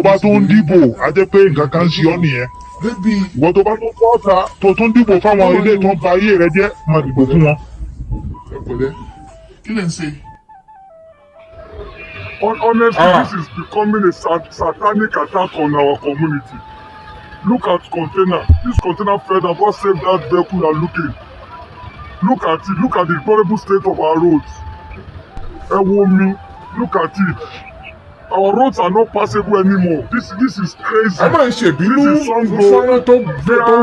tó bá tó ń dìbò á nǹkan kan sí ọ nìyẹn ìwọ tó bá tó kọ́ ọ̀tá tó tó ń dìbò fáwọn ilé tó ń ba ayé rẹ jẹ́ máa dìbò fún wọn. kí lè ń ṣe. Honestly, ah. this is becoming a sat satanic attack on our community. Look at container. This container fed and God saved that vehicle are looking. Look at it. Look at the deplorable state of our roads. Ẹ wo mi. Look at it our roads are not passable anymore this this is crazy. ẹ máa ń ṣèbínú sọ́nà tó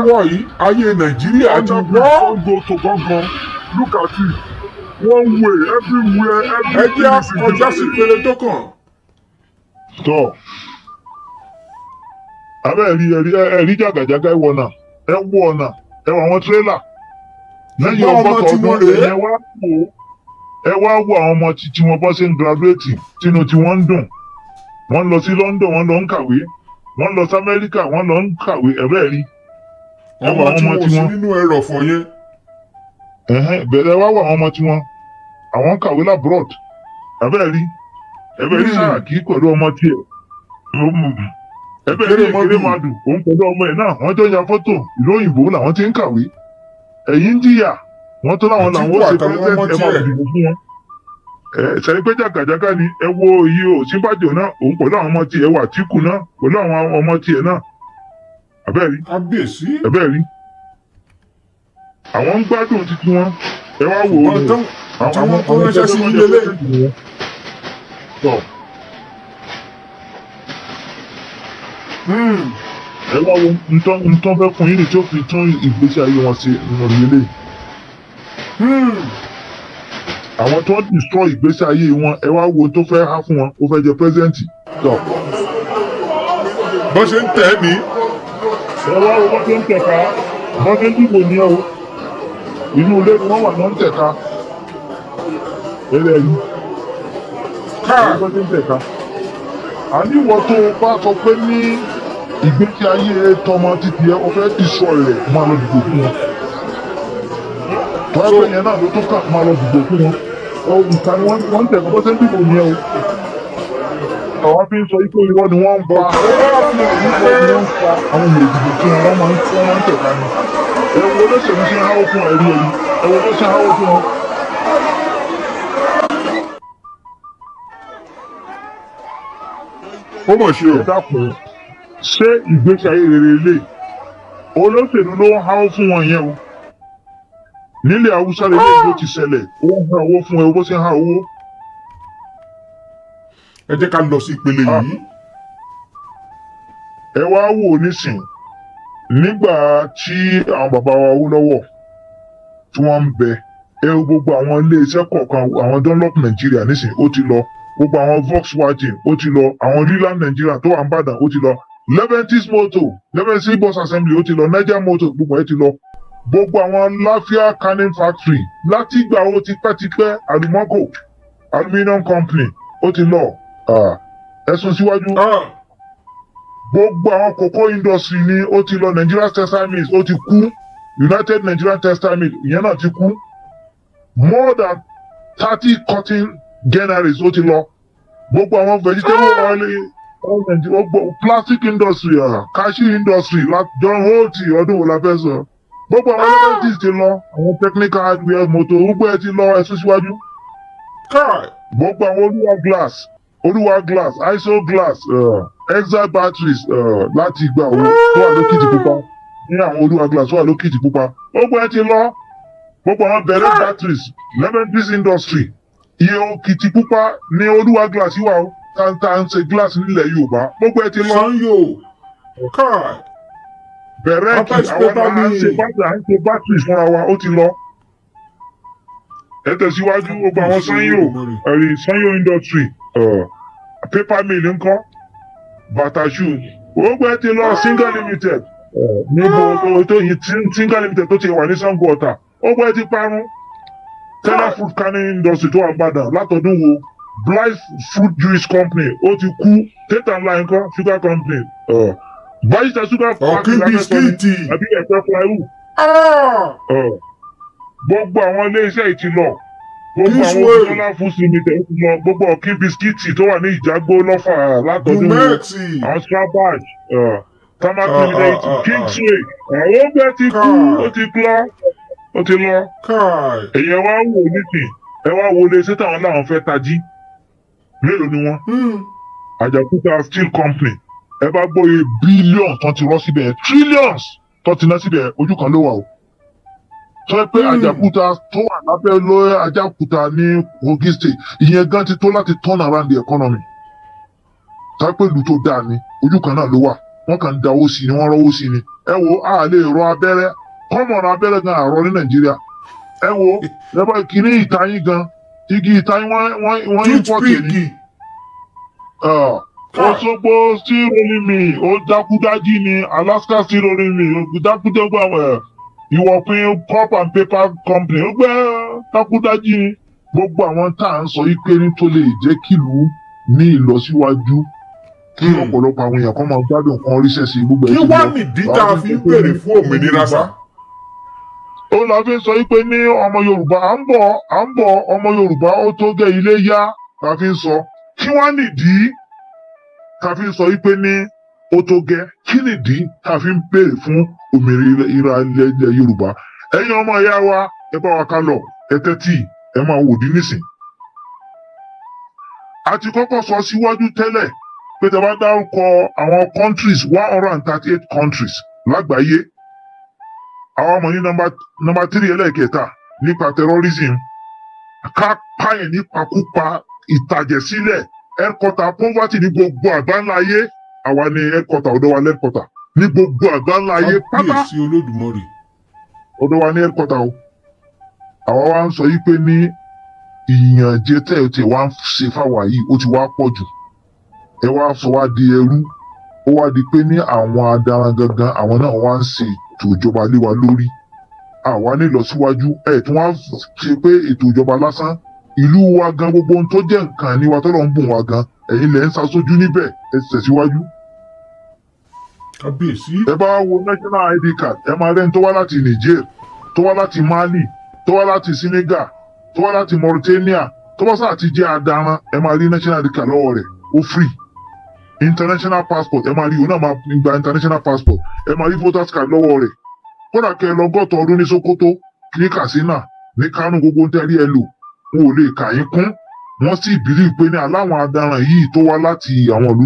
wọ̀ yìí ayé nàìjíríà ti wọ́. Sango to gangan look at it one way everywhere everything is in the way. ẹ jẹ́ ọjà sí pele tó kàn. tọ́ abẹ́ ẹ̀rí ẹ̀rí ẹ̀rí jàgàjàgà ẹ̀wọ̀ náà ẹ̀wọ̀ náà ẹ̀wọ̀ àwọn tírélà lẹ́yìn ọgọ́ta ọdún ẹ̀yẹ wá wò ẹ wá wo àwọn ọmọ tí wọn bọ́ sí ń graduate tínú tí wọ́n ń dùn wọ́n lọ sí London wọ́n lọ ń kàwé wọ́n lọ sí Amẹ́ríkà wọ́n lọ ń kàwé ẹ̀rẹ́ rí. ọmọ tí wọ́n nínú ẹrọ yẹn. bẹ̀rẹ̀ wá wà àwọn ọmọ tí wọ́n àwọn kàwé ẹ̀rẹ́ rí ẹ̀rẹ́ rí ọmọ tiẹ̀ ẹ̀rẹ́ rí ọmọ òun pẹ̀lú ọmọ ẹ̀ náà wọ́n jọ ya fọ́tò ìlú òyìnbó ti ń sẹ́ni pé jàgàjàgà ni ẹ wo iye òsínbàjò náà òun pẹ̀lú àwọn ọmọ tiẹ̀ wà Àtíkù náà pẹ̀lú àwọn ọmọ tiẹ̀ náà àbẹ́ẹ̀rí àbẹ́ẹ̀rí àwọn ń gbádùn títí wọn ẹ wá wò ó lò àwọn ọmọ ẹgbẹ́ tó ń lélẹ̀ tọ̀ hmm. ẹ wá wo ntọ́ fẹ́ kun yín ni tí ó fi tún ìgbésí ayé wọn ṣe ìrọ̀lẹ́lẹ̀. àwọn tó ń destroy ìgbésí ayé wọn ẹ wá wo tó fẹ́ há fún wọn ó fẹ́ jẹ president tọ. bó ṣe ń tẹ̀ mí. ẹ wá wo bó ṣe ń tẹ̀ka bó ṣe ń dìbò ní o inú ilé ni wọ́n wà náà ń tẹ̀ka ẹlẹ́ yìí káà bó ṣe ń tẹ̀ka. àníwọ̀ tó o bá sọ pé ní ìgbésí ayé tọmọ títí ẹ o fẹ́ destroy rẹ̀ máa lọ dìbò fún wọn tọ́ ẹgbẹ́ yẹn náà ló tó kà máa lọ dìbò fún wọn nǹkan wọ́n tẹ̀ kó sẹ́ńtì kò ní o àwọn fi ń sọ ikú irọ́ ni wọ́n ń bọ́ àwọn ọmọ ìdìbò tí wọ́n máa ń tẹ̀ wọ́n tẹ̀ dání ẹ̀wọ̀n olóṣèlú ṣe ń háwó fún ẹ̀rí ẹ̀rí ẹ̀wọ̀n olóṣèlú ṣe háwó fún ọ. ó mọ̀ ṣe o ṣé ìgbésí ayé rere lè olóṣèlú ló ń háwó fún wọn yẹn o nílẹ̀ haúsá lè lè bó ti ah! ṣẹlẹ̀ ó ń ha owó fún ẹ bó ṣe ń ha owó. ẹ jẹ́ ká lọ sí ìpele ah. yìí. ẹ wá wò nísìn nígbà tí àwọn bàbá wa Awólọ́wọ̀ tí wọ́n ń bẹ ẹ gbogbo àwọn iléeṣẹ́ kọ̀ọ̀kan àwọn Dunlop Nàìjíríà nísìn ó ti lọ gbogbo àwọn Volkswagen ó ti lọ àwọn Leland Nàìjíríà tó wà ń bàdàn ó ti lọ Leventis motor Leventis bus assembly ó ti lọ Niger moto gbogbo ẹ ti lọ gbogbo àwọn lafia canning factory látìgbà ó tipẹ́tipẹ́ alumoco aluminium company ó ti lọ ẹ̀sùn síwájú. gbogbo àwọn cocoa industry ni ó ti lọ Nigeria textile mills ó ti kú United Nigeria Textile Mill ìyẹn náà ti kú more than thirty cotton granaries ó ti lọ gbogbo àwọn vegetable ah! oil plastic industry uh, cashew industry like John Holt ọdún wo la fẹ́ sọ. So gbogbo àwọn lọ́dọ̀dì ah! ti lọ àwọn technical hardware mọ́tò gbogbo ẹ ti lọ ẹsùn síwájú. káà gbogbo àwọn olúwa glass olúwa glass iso glass uh, eh, exa batteries uh, láti ìgbà wo tó wà lókìtì pupa ní àwọn olúwa glass tó wà lókìtì pupa gbogbo ẹ ti lọ gbogbo àwọn bẹ̀rẹ̀ batteries leventis industry iye òkìtì pupa ní olúwa glass yìí wà ó tá à ń ṣe glass nílẹ̀ yorùbá gbogbo ẹ ti lọ. sanyo Kai bẹ̀rẹ̀kì àwọn à ń ṣe bàtà à ń ṣe bátìrì fúnra wa ó ti lọ. ẹ tẹ̀síwájú gbogbo àwọn sanyo ẹ̀rí sanyo industry uh, paper mill ńkọ́ bàtàṣù gbogbo ẹ ti lọ single limited uh, níbo ah. tó yìí single limited tó ti wà ní Sango Ọ̀tà gbogbo ẹ ti parun tẹ́lá ah. food canning industry tó wà ń bàdàn látọdún wo Blythe fruit juice company ó ti kú tẹ́tà ńlá ńkọ́ sugar company. Uh, bọ́yì tẹ ṣúgà fún wa kí bisikíìtì àbí ẹ̀fẹ́ fúláwù. Ah. gbogbo àwọn iléeṣẹ́ ìtìlọ̀ gbogbo àwọn olùsọ́lá fún sinmi tẹ̀ ń lọ gbogbo ọ̀kí bisikíìtì tó wà ní ìjágbó lọ́fà látọ̀dún àwọn scrapage tamaki unity kingsway àwọn ọgbẹ ti kú ó ti lọ ó ti lọ èyàn wá wò nídìí ẹ wá wo lè ṣe táwọn làwọn fẹ́ tají mélòó ni wọ́n hmm. àjàkúta steel company. ẹ bá gbọ́ iye billion tó ti rọ́ síbẹ̀ trillions tó ti ná síbẹ̀ ojú kan ló wà o sọ pé hmm. àjàkúta tó wà lábẹ́ lọ́yẹ́ àjàkúta ní Kogi state ìyẹn gan ti tó láti turn around the economy sọ pé ìlú tó dáa ni ojú kan náà ló wà wọ́n kàn ń dawó sí ni wọ́n rọ́wọ́ sí ni ẹ wo a lè rọ abẹ́rẹ́ kọ́mọ̀rọ̀ abẹ́rẹ́ gan àrọ ní nàìjíríà ẹ wo ẹ bá kiri ìtayín gan igi ìtayín wọ́n wọ́n wọ́n yí pọ̀ kìíní. Òṣogbo steel rolling mill ó dákúdájí ni Alaska steel rolling mill ó dákúdógbò àwọn ẹ̀ ìwọ̀fin pulp and paper company ó gbẹ́ dákúdájí ni gbogbo àwọn tá à ń sọ yìí pé tó lè jẹ́ kílùú ní ìlọsíwájú kí hmm. ọ̀pọ̀lọpọ̀ àwọn èèyàn kan máa gbádùn kan ríṣẹ́ sí gbogbo ẹ̀ sí lọ. kí wàá nìdí tá a fi ń béèrè fún òmìnira sá ó la fi sọ wípé ní ọmọ yorùbá à ń bọ̀ à ń bọ̀ ọmọ yorùbá ó tó gẹ ilé yá la fi sọ kí wọ́n nìdí ta fi ń sọ wípé ní ó tó gẹ́ kí nìdí ta fi ń béèrè fún òmìnira ilẹ̀ yorùbá ẹ̀yin ọmọ ìyá wa ẹ bá wa ká lọ ẹ tẹ́tí ẹ máa wò dín nísìn. a ti kọ́kọ́ sọ síwájú tẹ́lẹ̀ pé tá a bá dárúkọ àwọn countries one hundred and thirty eight countries lágbàáyé àwọn ọmọ ní nọ́mbà tírì ẹlẹ́ẹ̀kẹta nípa terrorism ká pààyàn nípakúpa ìtàjẹ̀sílẹ̀ ẹ̀kọ́tà poverty ní gbogbo àgbáńlá ayé àwa ni ẹ̀kọ́tà ọ̀dọ̀ wa lẹ́kọ́tà ní gbogbo àgbáńlá ayé pátá. kábíyèsí olódùmarè. ọ̀dọ̀ wa ní ẹ̀kọ́tà o àwa wa ń sọ yìí pé ní ìyànjẹ tẹ̀ ẹ̀ tẹ̀ wá ń ṣe fáwa yìí ó ti wá pọ̀ jù ẹ wá sọ wá di ẹrú ó wá di pé ní àwọn adaran gangan àwọn náà wá ń ṣe ètò ìjọba lé wa lórí àwa nílọsíwájú ẹ̀ tí wọ́n ṣe pé ètò ìjọba lásán ìlú wa gan gbogbo ohun tó jẹ́ nǹkan ní wa tọ́lọ́ ń bùn wa gan ẹ̀yin lẹ́ ń ṣaṣojú níbẹ̀ ẹ tẹ̀síwájú. kábíyèsí. ẹ bá wo national id card ẹ máa rẹ́ni tó wá láti niger tó wá láti mali tó wá láti senegal tó wá láti mauritania tó bá sáà ti jẹ́ adaran ẹ máa rí national id card lọ́wọ́ rẹ̀ ó free international passport ẹ máa rí òun náà máa gba international passport ẹ máa rí voters card lọ́wọ́ rẹ̀ kódà kẹ lọ́gọ́tọ̀ ọdún ní sokoto ní katsina ní kánò gbogbo ń tẹ́rí ẹ lò wọn ò lè kà yín kún wọ́n sì bìrì pé ní aláwọn adaràn yìí tó wá láti àwọn ìlú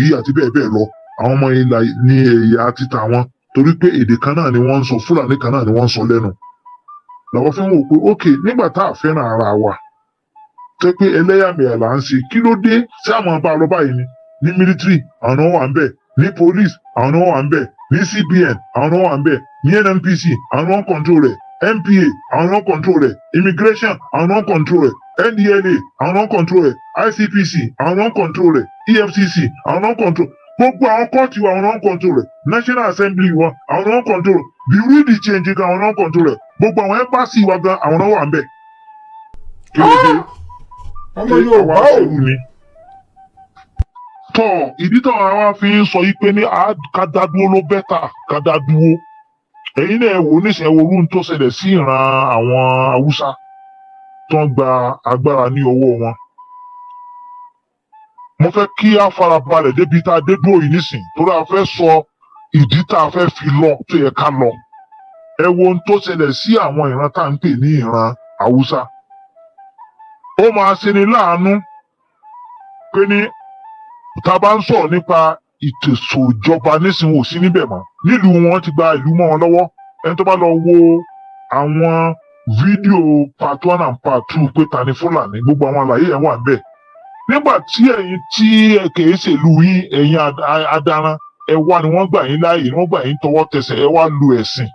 yìí àti bẹ́ẹ̀ bẹ́ẹ̀ lọ àwọn ọmọ ilà ní ẹ̀yà títà wọn torí pé èdè kan náà ni wọ́n ń sọ fúlàní kan náà ni wọ́n ń sọ lẹ́nu làwọn fi ń wò pé ok nígbà tá a fẹ́ràn ara wa tẹ pé ẹlẹ́yàmẹ̀yà là ń ṣe kí ló dé sí àwọn bá lọ báyìí ni ní mílítírì àwọn náà wà ń bẹ̀ ní police àwọn náà wà ń bẹ̀ ní CBN àwọn náà wà ń bẹ̀ ní NNPC àwọn náà ń kọ́ńtró rẹ̀ MPA àwọn náà control rẹ̀ immigration àwọn náà control rẹ̀ NDLA àwọn náà control rẹ̀ ICPC àwọn náà control rẹ̀ EFCC àwọn náà control gbogbo àwọn kóòtù wa àwọn náà rẹ̀ National Assembly wa àwọn náà control rẹ̀ Bureau de Change gan àwọn náà control rẹ̀ gbogbo àwọn embassy wa gan àwọn náà wà ń bẹ̀. Ah! ọmọ Yorùbá ò wù mí tọ ìdí táwọn ará fi ń sọ yìí pé ní kádádúró ló bẹ́tà kádádúró ẹ̀yin náà wò nísìnyí ẹ̀wọ̀ orú tó ṣẹlẹ̀ sí ìran àwọn haúsá tó ń gba agbára ní ọwọ́ wọn. mo fẹ́ kí a farabalẹ̀ débi tá a dé dúró yìí nísìnyí torí a fẹ́ sọ ìdí tá a fẹ́ fi lọ tó yẹ ká lọ. ẹ wo ohun tó ṣẹlẹ̀ sí àwọn ìran tá à ń pè ní ìran haúsá. ó máa ṣeni láàánú pé ní tá bá ń sọ̀rọ̀ nípa ìtẹ̀sọ̀ ìjọba nísìnyí ò sí níbẹ̀ mọ́ nílùú wọn ti gba ìlú mọ́ wọn lọ́wọ́ ẹni tó bá lọ wo àwọn fídíò part one and part two pé ta ni fúlàní gbogbo àwọn àlàyé yẹn wà níbẹ̀ nígbà tí ẹ̀yin tí ẹ kìí ṣèlú yín ẹ̀yin adaran ẹ wá ni wọ́n gbà yín láàyè wọ́n gbà yín tọwọ́ tẹsẹ̀ ẹ wá lu ẹ̀sìn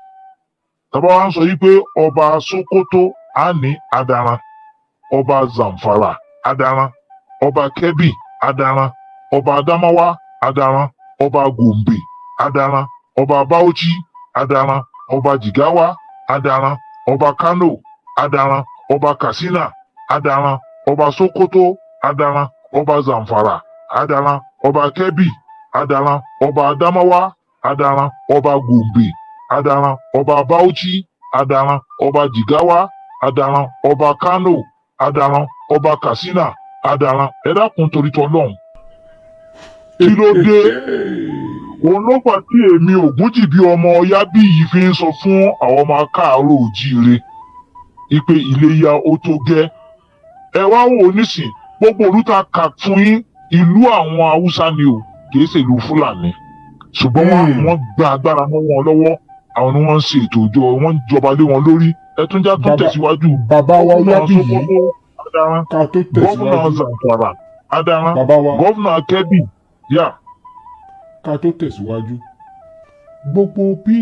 tàbá wa ń sọ yìí pé ọba Sokoto á ní adaran ọba Zamfara adaran ọba Kebbi adaran ọba Adamawa adaran ọba Gombe adaran ọba Bauchi adaran ọba Jigawa adaran ọba Kano adaran ọba Katsina adaran ọba Sokoto adaran ọba Zamfara adaran ọba Kebbi adaran ọba Adamawa adaran ọba Gombe adaran ọba Bauchi adaran ọba Jigawa adaran ọba Kano adaran ọba Katsina adaran ẹ dákun torítọ lọhùn kí ló dé òun ló fà tí èmi Ògúnjìbí ọmọ ọyá bí yìí fi ń sọ fún àwọn ọmọ akáàárọ̀ òjíire ipe Iléyá ó tó gẹ́ ẹ wá wò ó nísìn gbogbo òrùta kà fún yín ìlú àwọn haúsá ni o kì í ṣèlú fúlàní ṣùgbọ́n hmm. wọ́n gba agbára mọ́ wọn lọ́wọ́ àwọn ni wọ́n ń ṣe ètò ìjọ wọ́n ń jọba lé wọn lórí ẹ tún já tún tẹ̀síwájú bàbá wa Ọlábíyì ká tó tẹ̀síwájú gómìnà Zamfara Adaran gómìnà Kebbi yá. Yeah ká tó tẹ̀síwájú gbogbo bí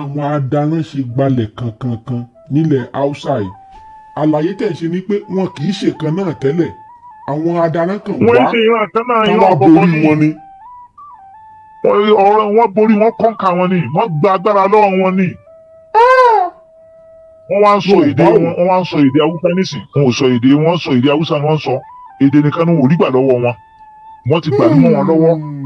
àwọn adarán ṣe gbalẹ̀ kankankan nílẹ̀ haúsá yìí àlàyé tẹ̀ ń ṣe ni pé wọn kì í ṣèkan náà tẹ́lẹ̀ àwọn adarán kan wá káwá borí wọn ni. ọ̀rọ̀ wọn borí wọn kọ́ńkà wọn ni wọ́n gba agbára lọ́wọ́ wọn ni wọ́n wá ń sọ èdè wọn wá ń sọ èdè haúsá nísìn wọn ò sọ èdè wọn sọ èdè haúsá wọ́n sọ èdè nìkan ni wọn ò rí gbà lọ́wọ́ wọn wọ́n ti gbà lọ́wọ́ wọn lọ́wọ́. Hmm.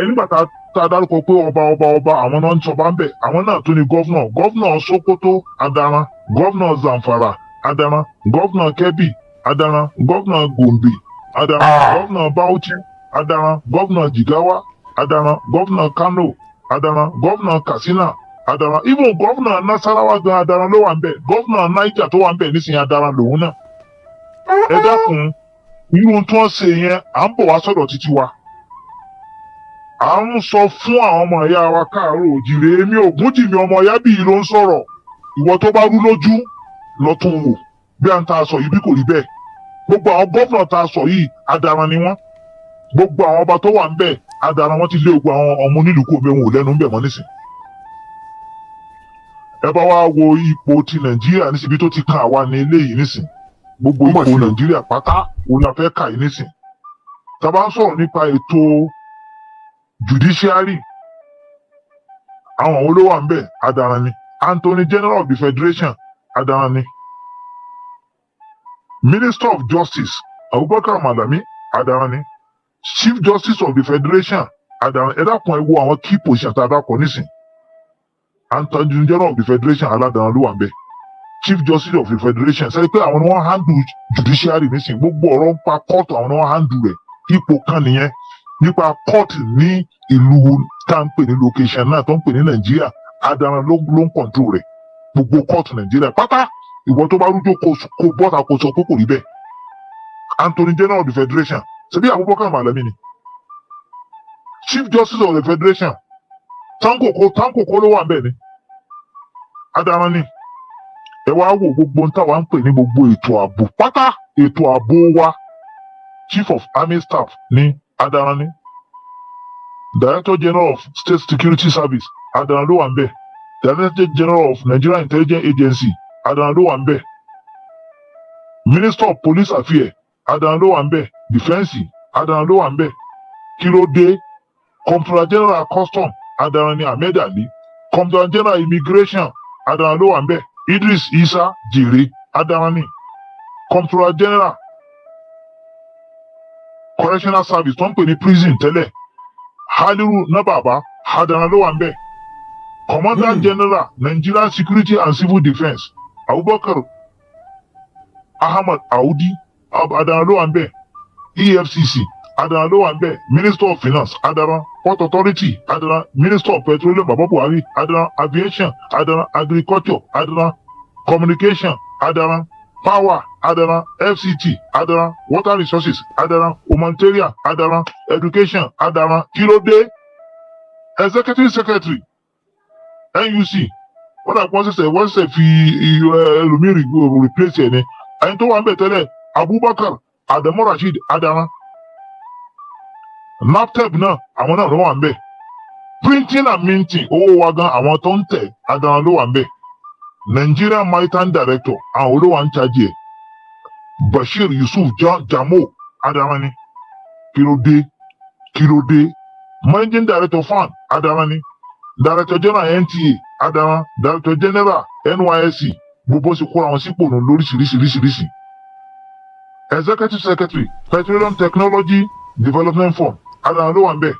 nígbà tá a dárúkọ pé ọba ọba ọba àwọn náà ń jọba ń bẹ̀ àwọn náà tún ni gọ́vnà gọ́vnà Sokoto adaran gọ́vnà Zamfara adaran gọ́vnà Kebbi adaran gọ́vnà Gombe adaran ah. gọ́vnà Bauchi adaran gọ́vnà Jigawa adaran gọ́vnà Kano adaran gọ́vnà Katsina adaran even gọ́vnà Nasarawa gan adaran ló wà ń bẹ̀ gọ́vnà Niger tó wà ń bẹ̀ nísìnyí adaran lòun náà ẹ dákun irun tí wọ́n ṣe yẹn à ń bọ̀ wá sọ̀rọ̀ títí wa. à ń sọ fún àwọn ọmọ ìyá wa káàárọ̀ òjìrè èmi ògúndìmí ọmọ ìyá bíi ló ń sọ̀rọ̀ ìwọ tó bá rú lójú lọ́tún wò bí à ń ta sọ yìí bí kò rí bẹ́ẹ̀ gbogbo àwọn gómìnà ta sọ yìí adaran ni wọ́n gbogbo àwọn ọba tó wà ń bẹ̀ adaran wọn ti lé ogun àwọn ọmọ onílùú kò bẹ́ẹ̀ wọn ò lẹ́nu ń bẹ̀ mọ́ nísìn ẹ bá wá wo ipò ti nàìjíríà níṣibí tó ti kan àwa ní eléyìí nísìn gbogbo ipò nàìjíríà pátá òun la fẹ́ kà yìí nísìn tá a bá ń sọ̀rọ̀ judiciary àwọn àwọn olówó àmbẹ adaran ni Attorney General of the Federation adaran ni Minister of Justice Abubakar Malami adaran ni Chief Justice of the Federation adaran ẹ dákun ẹ wo àwọn key position tá a dákọ nísìn Attorney General of the Federation aladaran ló wà ń Chief Justice of the Federation sẹ́ni pé àwọn ni wọ́n handle judiciary nísìn gbogbo ọ̀rọ̀ ń pa court, àwọn ni wọ́n handle rẹ̀ ipò kan nìyẹn nípa court ní ìlú tá à ń pè ní location náà tó ń pè ní nàìjíríà adaran ló ń kọ̀ǹtró rẹ̀ gbogbo court nàìjíríà pátá ìwọ tó bá rújò kó bọ́ta kó sọ pé kò rí bẹ́ẹ̀ Anthony General of the Federation ṣebí Abubakar Malami ni Chief Justice of the Federation tankoko tankoko ló wà bẹ́ẹ̀ ni adaran ni ẹ wá wò gbogbo nta wa ń pè ní gbogbo ètò ààbò pátá ètò ààbò wa Chief of Army Staff ni. Adaran ni Director General of State Security Service Adaran ló Director General of Nigeria Intelligence Agency Adaran ló Minister of Police Affairs Adaran ló wà ń bẹ̀ Defence Adaran ló wà ń bẹ̀ Comptroller General Custom Adaran ni Ahmed Ali Comptroller General Immigration Adaran ló Idris Isa Jere Adaran ni Comptroller General correctional service tó ń pè ní prison tẹ́lẹ̀ haliru Nababa. baba hadana ló wà ń bẹ̀ commander hmm. general nigerian security and civil defence abubakar ahmad audi hadana ló wà ń bẹ̀ efcc hadana ló wà ń bẹ̀ minister of finance hadana port authority hadana minister of petroleum baba buhari hadana aviation hadana agriculture hadana communication hadana power adaran fct adaran water resources adaran humanitarian adaran education adaran Kilode, executive secretary nuc wọ́n dà wọ́n ṣẹ̀ṣẹ̀ wọ́n ṣẹ̀ṣẹ̀ fi eh, ẹlòmíràn replace ẹ̀ ni ẹni tó wà ń bẹ̀ tẹ́lẹ̀ abubakar adamu rasheed adaran naptep náà àwọn náà ló wà ń bẹ̀ printing and minting owó wa gan àwọn tó ń tẹ̀ adaran ló wà ń bẹ̀. Nigeria Maritime Director àwọn olówó à ń charge Bashir Yusuf Jamo Adamani kílódé kílódé Managing Director FAN Adamani Director General NTA Adama Director General NYSC gbogbo sì kóra wọn sípò nù lóríṣiríṣiríṣiríṣi Executive Secretary Petroleum Technology Development Fund Adamani ló wà ń bẹ̀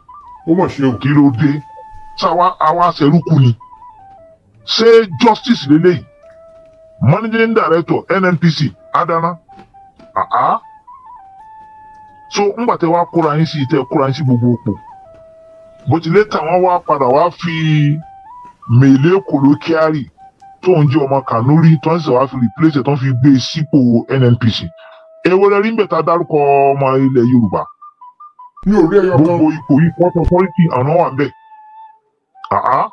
ó mọ̀ ṣe o kílódé sáwa àwa àṣẹrú kù ni ṣé justice lélẹ́yìí managing director nnpc adana àá so ńgbà wa wá kóra yín sí tẹ kóra yín sí gbogbo òpó bó tàwọn wá padà wá fi mèlé kòlókíárì tó ń jẹ́ ọmọ kanúrí tó ń sọ wá fi replace tó ń fi gbé e sípò nnpc èwo lẹ rí ń bẹ̀ tá a dárúkọ ọmọ ilẹ̀ yorùbá ní orí ẹyọ kan gbogbo ipò yìí pọ́tọ́ pọ́lítì àwọn wà ń bẹ̀ àá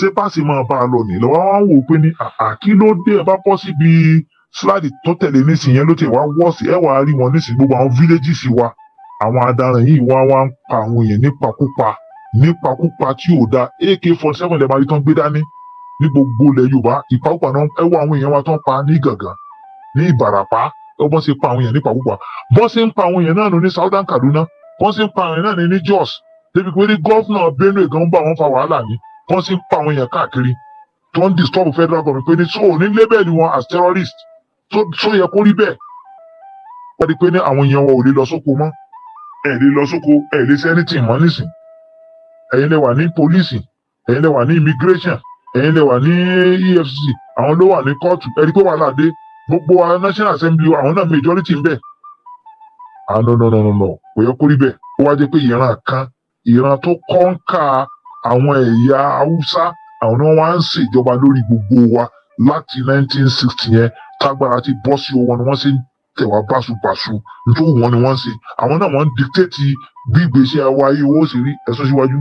ṣé páàsì máa bá a lọ nìyí lọ́wọ́ wọn wò pé ní àkí ló dé ẹ bá bọ́ síbi síláàdì tó tẹ̀lé nísìnyí yẹn ló ti wá wọ́ọ̀sì ẹ wàá rí wọn nísìnyí gbogbo àwọn fíléjìsì wa àwọn adaràn yìí wá wá ń pa àwọn èèyàn nípakúpa nípakúpa tí ò da ak forty seven lẹ́ẹ̀ máa tán gbé dání ní gbogbo ilẹ̀ yorùbá ìpakúpa náà ẹ wọ àwọn èèyàn wa tán pa ní gàngàn ní ìbàràpá ẹ bọ́n ṣe pa àwọn èèyàn nípakúpa bọ́n ṣe ń pa àwọn èèyàn náà ní kaduna bọ́n ṣe ń pa àwọn èèyàn náà ní jos débi pé ní gọ́fúnà benue ni tó ń pa àwọn èèyàn káàkiri tó ń disturb federal government pé ní so ní label wọn as terrorist tó yẹ kó rí bẹ́ẹ̀ wọ́n di pé ní àwọn èèyàn wọn ò lè lọ sóko mọ́ ẹ̀ lè lọ sóko ẹ̀ lè sẹ́nitì mọ́ nísìn ẹ̀yin lè wà ní pólísì ẹ̀yin lè wà ní immigration ẹ̀yin lè wà ní EFCC àwọn ló wà ní kóòtù ẹ̀ rí pé wàhálà dé gbogbo wa national assembly àwọn náà majority ń bẹ ah no no no no no kò yẹ kó rí bẹ́ẹ̀ ó wá jẹ́ pé ìran kan ìran tó kọ́ńkà àwọn ẹ̀yà haúsá àwọn ni wá ń ṣèjọba lórí gbogbo wa láti 1960 yẹn tágbára ti bọ́ sí wọn ni wọ́n ṣe ń tẹ̀wá báṣubàṣu nítorí wọn ni wọ́n ṣe àwọn náà wọ́n ń diktéètì bí ìgbésí àwa ayé owó ṣe rí ẹ̀sùn síwájú.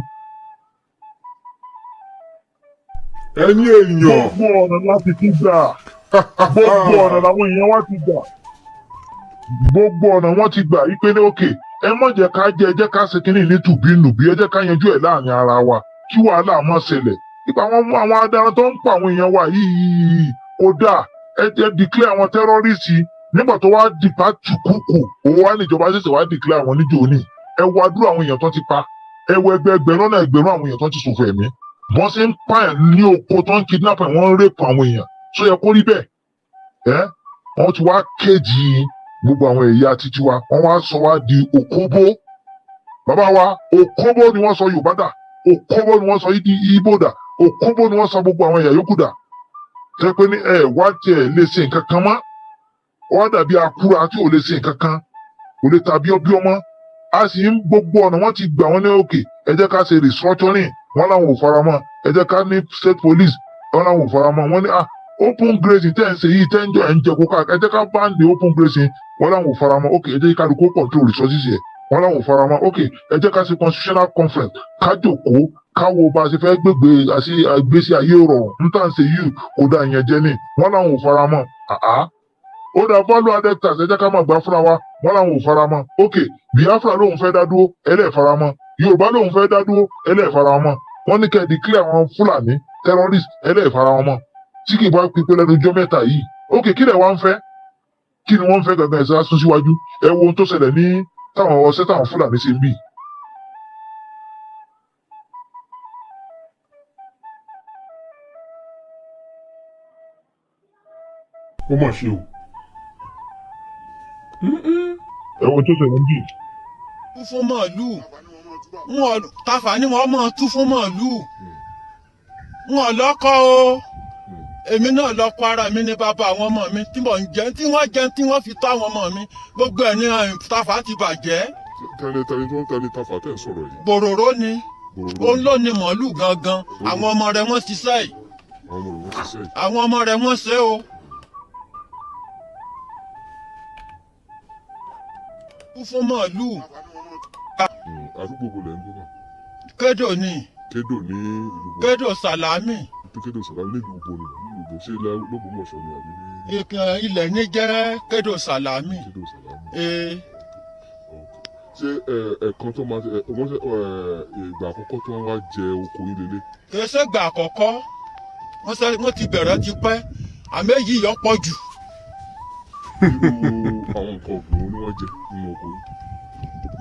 ẹni èèyàn. gbogbo ọ̀nà láti tún gbà gbogbo ọ̀nà làwọn èèyàn wá ti gbà gbogbo ọ̀nà wọn ti gbà yí pé ní òkè ẹ mọ̀ jẹ́ ká jẹ́ ẹ jẹ́ ká ṣe kínní ní tùbínú bí ẹ jẹ́ ká yanjú ẹ̀ láàrin ara wa kí wàhálà má ṣẹlẹ̀ nípa àwọn àwọn adarun tó ń pa àwọn èèyàn wa yìí kò dáa ẹ ẹ declare àwọn tẹ́rọ́rìsì nígbà tó wá dìpá tùkùkù òun wá níjọba ṣẹ̀ṣẹ̀ wá declare àwọn níjọ́ òní ẹ wo adúrú àwọn èèyàn tó ti pa ẹ wo ẹgbẹ́ ẹgbẹ̀rún náà ẹgbẹ̀rún àwọn èèyàn tó ti ṣòfò ẹ̀mí bọ́n ṣe ń pààyàn ní oko tó ń kidnap wọ́n ń rèpù àwọn èèyàn tó yẹ kó rí bẹ́ẹ̀ ẹ́ wọ́n ti wá kéjì gbogbo àwọn ẹ̀yà títí wa wọ́n wá sọ wá di òkóbó bàbá wa òkóbó ni wọ́n sọ Yorùbá dà òkúbọ ni wọ́n sọ yìí di ibo wọn òkúbọ ni wọ́n sọ gbogbo àwọn ẹ̀yà yòókù dà tẹpẹ ẹ wá lè ṣe nǹkan kan dàbí akúra tí ò lè ṣe nǹkan kan kò lè tàbí ọbí ọmọ a sì ń gbogbo ọ̀nà wọ́n ti gbà wọn ní òkè ẹ ká ṣe restructuring làwọn ò fara ẹ ah, open grazing ṣe yìí open grazing wọn làwọn ò fara mọ́ ok ẹ jẹ́ ká ṣe constitutional conference ká jòkóó ká wo bá a ṣe fẹ́ gbègbè àti àgbèsè ayé rọrùn n tà ń ṣe yìí kò dá ìyẹn jẹ ní wọn làwọn ò fara mọ́ àá ó dá value added tax ẹ jẹ́ ká máa gbà fúnra wa wọn làwọn fara mọ́ ok Biafra lòun fẹ́ dá dúró ẹlẹ́ fara mọ́ Yorùbá lòun fẹ́ dá dúró ẹlẹ́ fara mọ́ wọn ní kẹ́ ẹ declare àwọn Fúlàní terrorist ẹlẹ́ fara mọ́ tí kì í bá pípé lẹ́nu ọjọ́ mẹ́ta yìí ok kí lẹ̀ wá ń fẹ́ kí ni wọ́n ń fẹ́ gàgàn ẹ̀sán sún síwájú ẹ wo ohun tó ṣẹlẹ̀ ní táwọn ọṣẹ táwọn fúlàní ṣe ń bì. ó mà ṣe o. ẹ̀wọ̀n tó ṣẹlẹ̀ ń bì. tú fún màálù wọn tàfà ni wọn máa tú fún màálù wọn lọ́kọ o èmi náà lọ kọ ara mi ní bàbá àwọn ọmọ mi tí mò ń jẹ tí wọ́n jẹ tí wọ́n fi tọ́ àwọn ọmọ mi gbogbo ẹ̀ ní Tafa ti bàjẹ́. tani tani tó ń tani Tafa tẹ̀ sọ̀rọ̀ yìí. bòròró ni òun ló ni mọ̀ọ́lù gangan àwọn ọmọ rẹ̀ wọ́n ṣiṣẹ́ yìí àwọn ọmọ rẹ̀ wọ́n ṣe o. kú fún mọ̀ọ́lù. Hmm, arúgbó wo náà. kédò ni. kédò ní kédò sàlámì. kédò sàlámì nílùú gbòòrò gbogbo ṣé lógbómọ̀ṣọ́ ni àbí ní. ilẹ̀ yín jẹ́ kédò sàlámì. kédò sàlámì. ṣé ẹ̀ẹ̀kan tó máa wọ́n ṣe ìgbà àkọ́kọ́ tó wá jẹ oko yín lélẹ̀. kì í ṣe ìgbà àkọ́kọ́ wọ́n ti bẹ̀rẹ̀ ti pẹ́ àmì èyí yọ pọ̀ jù. irú àwọn nǹkan ọ̀gbìn ni wọ́n jẹ nínú oko yìí.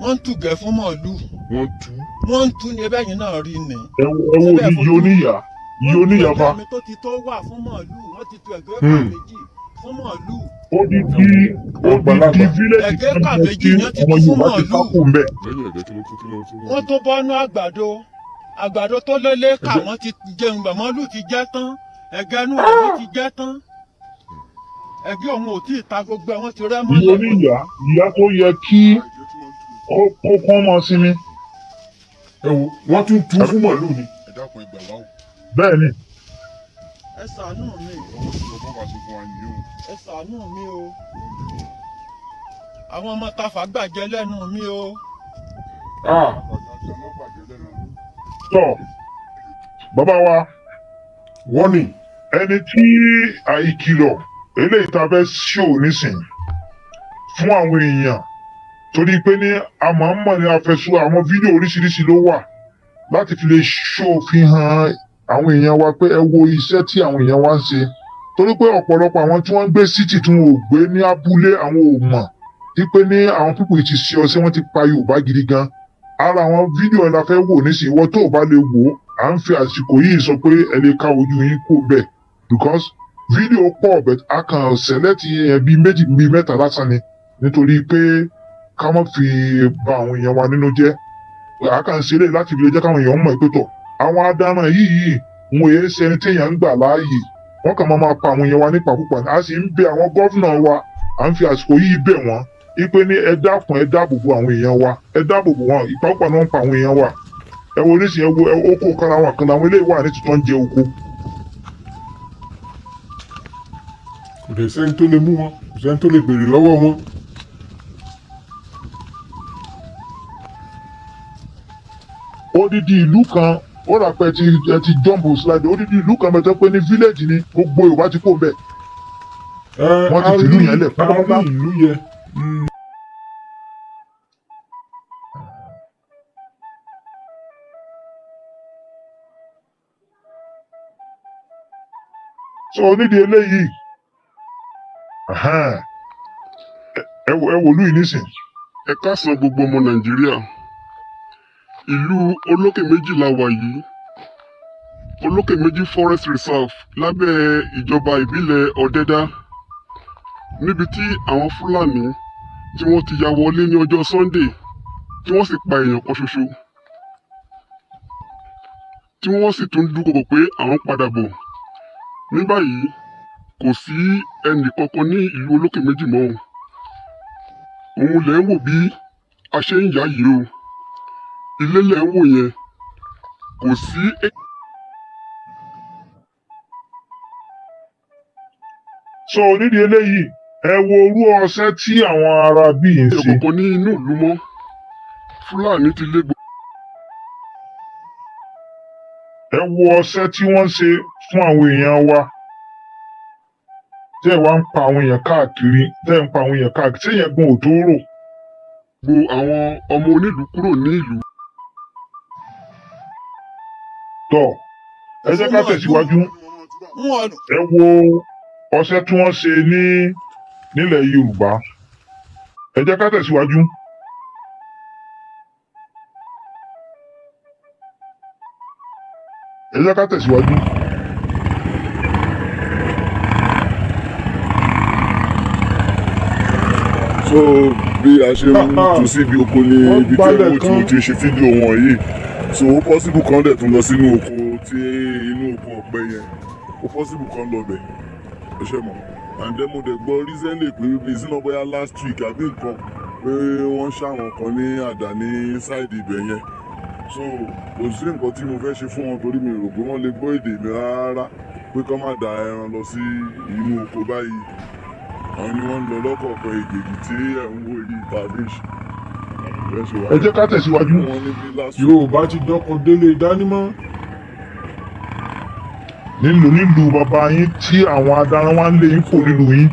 wọ́n ń tu gẹ̀ fún màálù. wọ́n ń tu. wọ́n ń tu ni ẹbẹ́ yìí náà rí ni. ẹ wo orí yìí oníyàá iye oníyàfa. ọmọ odidi odidi fílẹ̀tì kan bẹ tí ọmọ Yorùbá ti sápò ń wọ́n tó bọ́nú àgbàdo àgbàdo tó lélé kà wọ́n ti jẹun bẹ̀ mọ́ọ́lù ti jẹ́ tán ẹ̀gẹ́ nù ọ̀hún ah! ti jẹ́ tán ẹgbẹ́ òun ò tí ì ta gbogbo ẹ ti rẹ́ mọ́. ìwọ ní ìyá ìyá tó yẹ kí kókó mọ sí mi. ẹ wo wọ́n tún tu fún màlúù ni. ẹ dákun ẹgbẹ́ wa o bẹ́ẹ̀ ni. ẹ ṣàánú mi. ẹ ṣàánú mi o. àwọn ọmọ tafa gbàjẹ́ lẹ́nu mi o. tọ́ bàbá wa wọ́n ní ẹni tí àìkìlọ̀ eléyìí tá a fẹ́ ṣó nísìnyí fún àwọn èèyàn torí pé ní àmọ́ mọ̀ ní afẹ́sùn àwọn fídíò oríṣiríṣi ló wà láti fi lè ṣó fi hàn àwọn èèyàn wa pé ẹ wo iṣẹ́ tí àwọn èèyàn wa ń ṣe torí pé ọ̀pọ̀lọpọ̀ àwọn tí wọ́n ń gbé síìtì tí ò gbé ní abúlé àwọn ò mọ̀ wípé ní àwọn pípò ti ṣe ọṣẹ wọn ti pa Yorùbá gidi gan ara àwọn fídíò la fẹ́ wò nísìnyí wọ́n tó o bá lè wò à ń fi àsìkò yìí sọ pé ẹ lè ka ojú yín kó bẹ́ẹ̀ because fídíò pọ̀ bẹ̀ a kàn ṣẹlẹ́tì yẹn bíi méjì bíi mẹ́ta lásán ni nítorí pé ká má fi ba àwọn èèyàn wa nínú jẹ́ a kàn ṣe lè láti fi lè jẹ́ káwọn èèyàn mọ̀ pé tọ̀ àwọn adarán yìí yìí wọn èé ṣe ẹni téèyàn ń gbà láàyè wọn kàn máa máa pa àwọn èèyàn wa nípakúpa a sì ń bẹ àwọn gọ́vnà wa à ń fi àsìkò yìí bẹ̀ wọ́n ipe ní ẹ dákun ẹ dáàbòbò àwọn èèyàn wa ẹ dáàbòbò wọn ìpakúpa ni wọ́n ń pa àwọn èèyàn wa ẹ wo oníṣìí ẹ oko kan àwọn kan àwọn eléyìí wà ní tuntun jẹ oko. kò dẹ̀ sẹ́ni tó lè mú wọn kò sẹ́ni tó lè béèrè lọ́wọ́ wọn. odidi ìlú kan ó rà pé ti ẹ ti jump slide ó dídí ìlú kan mẹ́tọ́ pé ní village ni gbogbo Yorùbá ti kó bẹ́ẹ̀. wọ́n ti tìlú yẹn lẹ̀ pátápátá. ìlú yẹn. Hmm. so nídìí eléyìí ẹ wò ẹ wò lú yìí nísìn. ẹ ká san gbogbo ọmọ Nàìjíríà ìlú olókè méjì la wà yìí olókè méjì forest reserve lábẹ́ ìjọba ìbílẹ̀ ọ̀dẹ́dá níbi tí àwọn fúlàní tí wọ́n ti ya wọlé ní ọjọ́ sunday tí wọ́n sì pa èèyàn kan ṣoṣo tí wọ́n sì tún dúnkokò pé àwọn padà bọ̀ ní báyìí kò sí ẹnì kankan ní ìlú olókè méjì mọ́ òun lẹ́ ń wò bí a ṣe ń yá yìí o ilé ń wò yẹn kò sí. sọ nídìí eléyìí ẹ wo orú ọṣẹ tí àwọn ará bíi ń ṣe. ìkọ̀kọ̀ ní inú ìlú mọ́ fúlàní ti lé gbogbo. ẹ wo ọṣẹ tí wọ́n ṣe fún àwọn èèyàn wa tẹ́ ẹ̀ wá ń pa àwọn èèyàn káàkiri tẹ́ ẹ̀ ń pa àwọn èèyàn káàkiri tí èèyàn gan ò tó rò. gbo àwọn ọmọ onílùú kúrò ní ìlú tọ ẹ jẹ́ ká tẹ̀síwájú ẹ wo ọṣẹ tí wọ́n ṣe ní nílẹ̀ Yorùbá ẹ jẹ́ ká tẹ̀síwájú. ẹ ká tẹ̀síwájú. bí a ṣe ń ah, ah. tu síbi oko ní ibi tí mo ti ṣe fídíò wọn yìí so ó possible kan dẹ̀ tún lọ sínú oko tí inú oko ọ̀pẹ yẹn ó possible kan lọ bẹ̀ ẹ ṣe mọ̀ and then mo dẹ̀ gbọ́ recently pé bíi sínú last week àbí nǹkan pé wọ́n ṣàwọn kan ní àdá ní side ibẹ̀ yẹn so kò sí nǹkan tí mo fẹ́ ṣe fún wọn torí mi rò pé wọ́n lè gbọ́ èdè mi rárá pé kọ́ má da ẹran lọ sí inú oko báyìí àwọn ni wọ́n ń lọ lọ́kọ̀ọ̀kan èjèèjì tí ẹ̀ ń wo èyí tàbí ìṣe ẹ jẹ́ ká tẹ̀síwájú yorùbá ti dọ́kọ délé ìdánimọ̀ nílùú nílùú bàbá yín tí àwọn adarán wa ń lé yín kò nílùú yín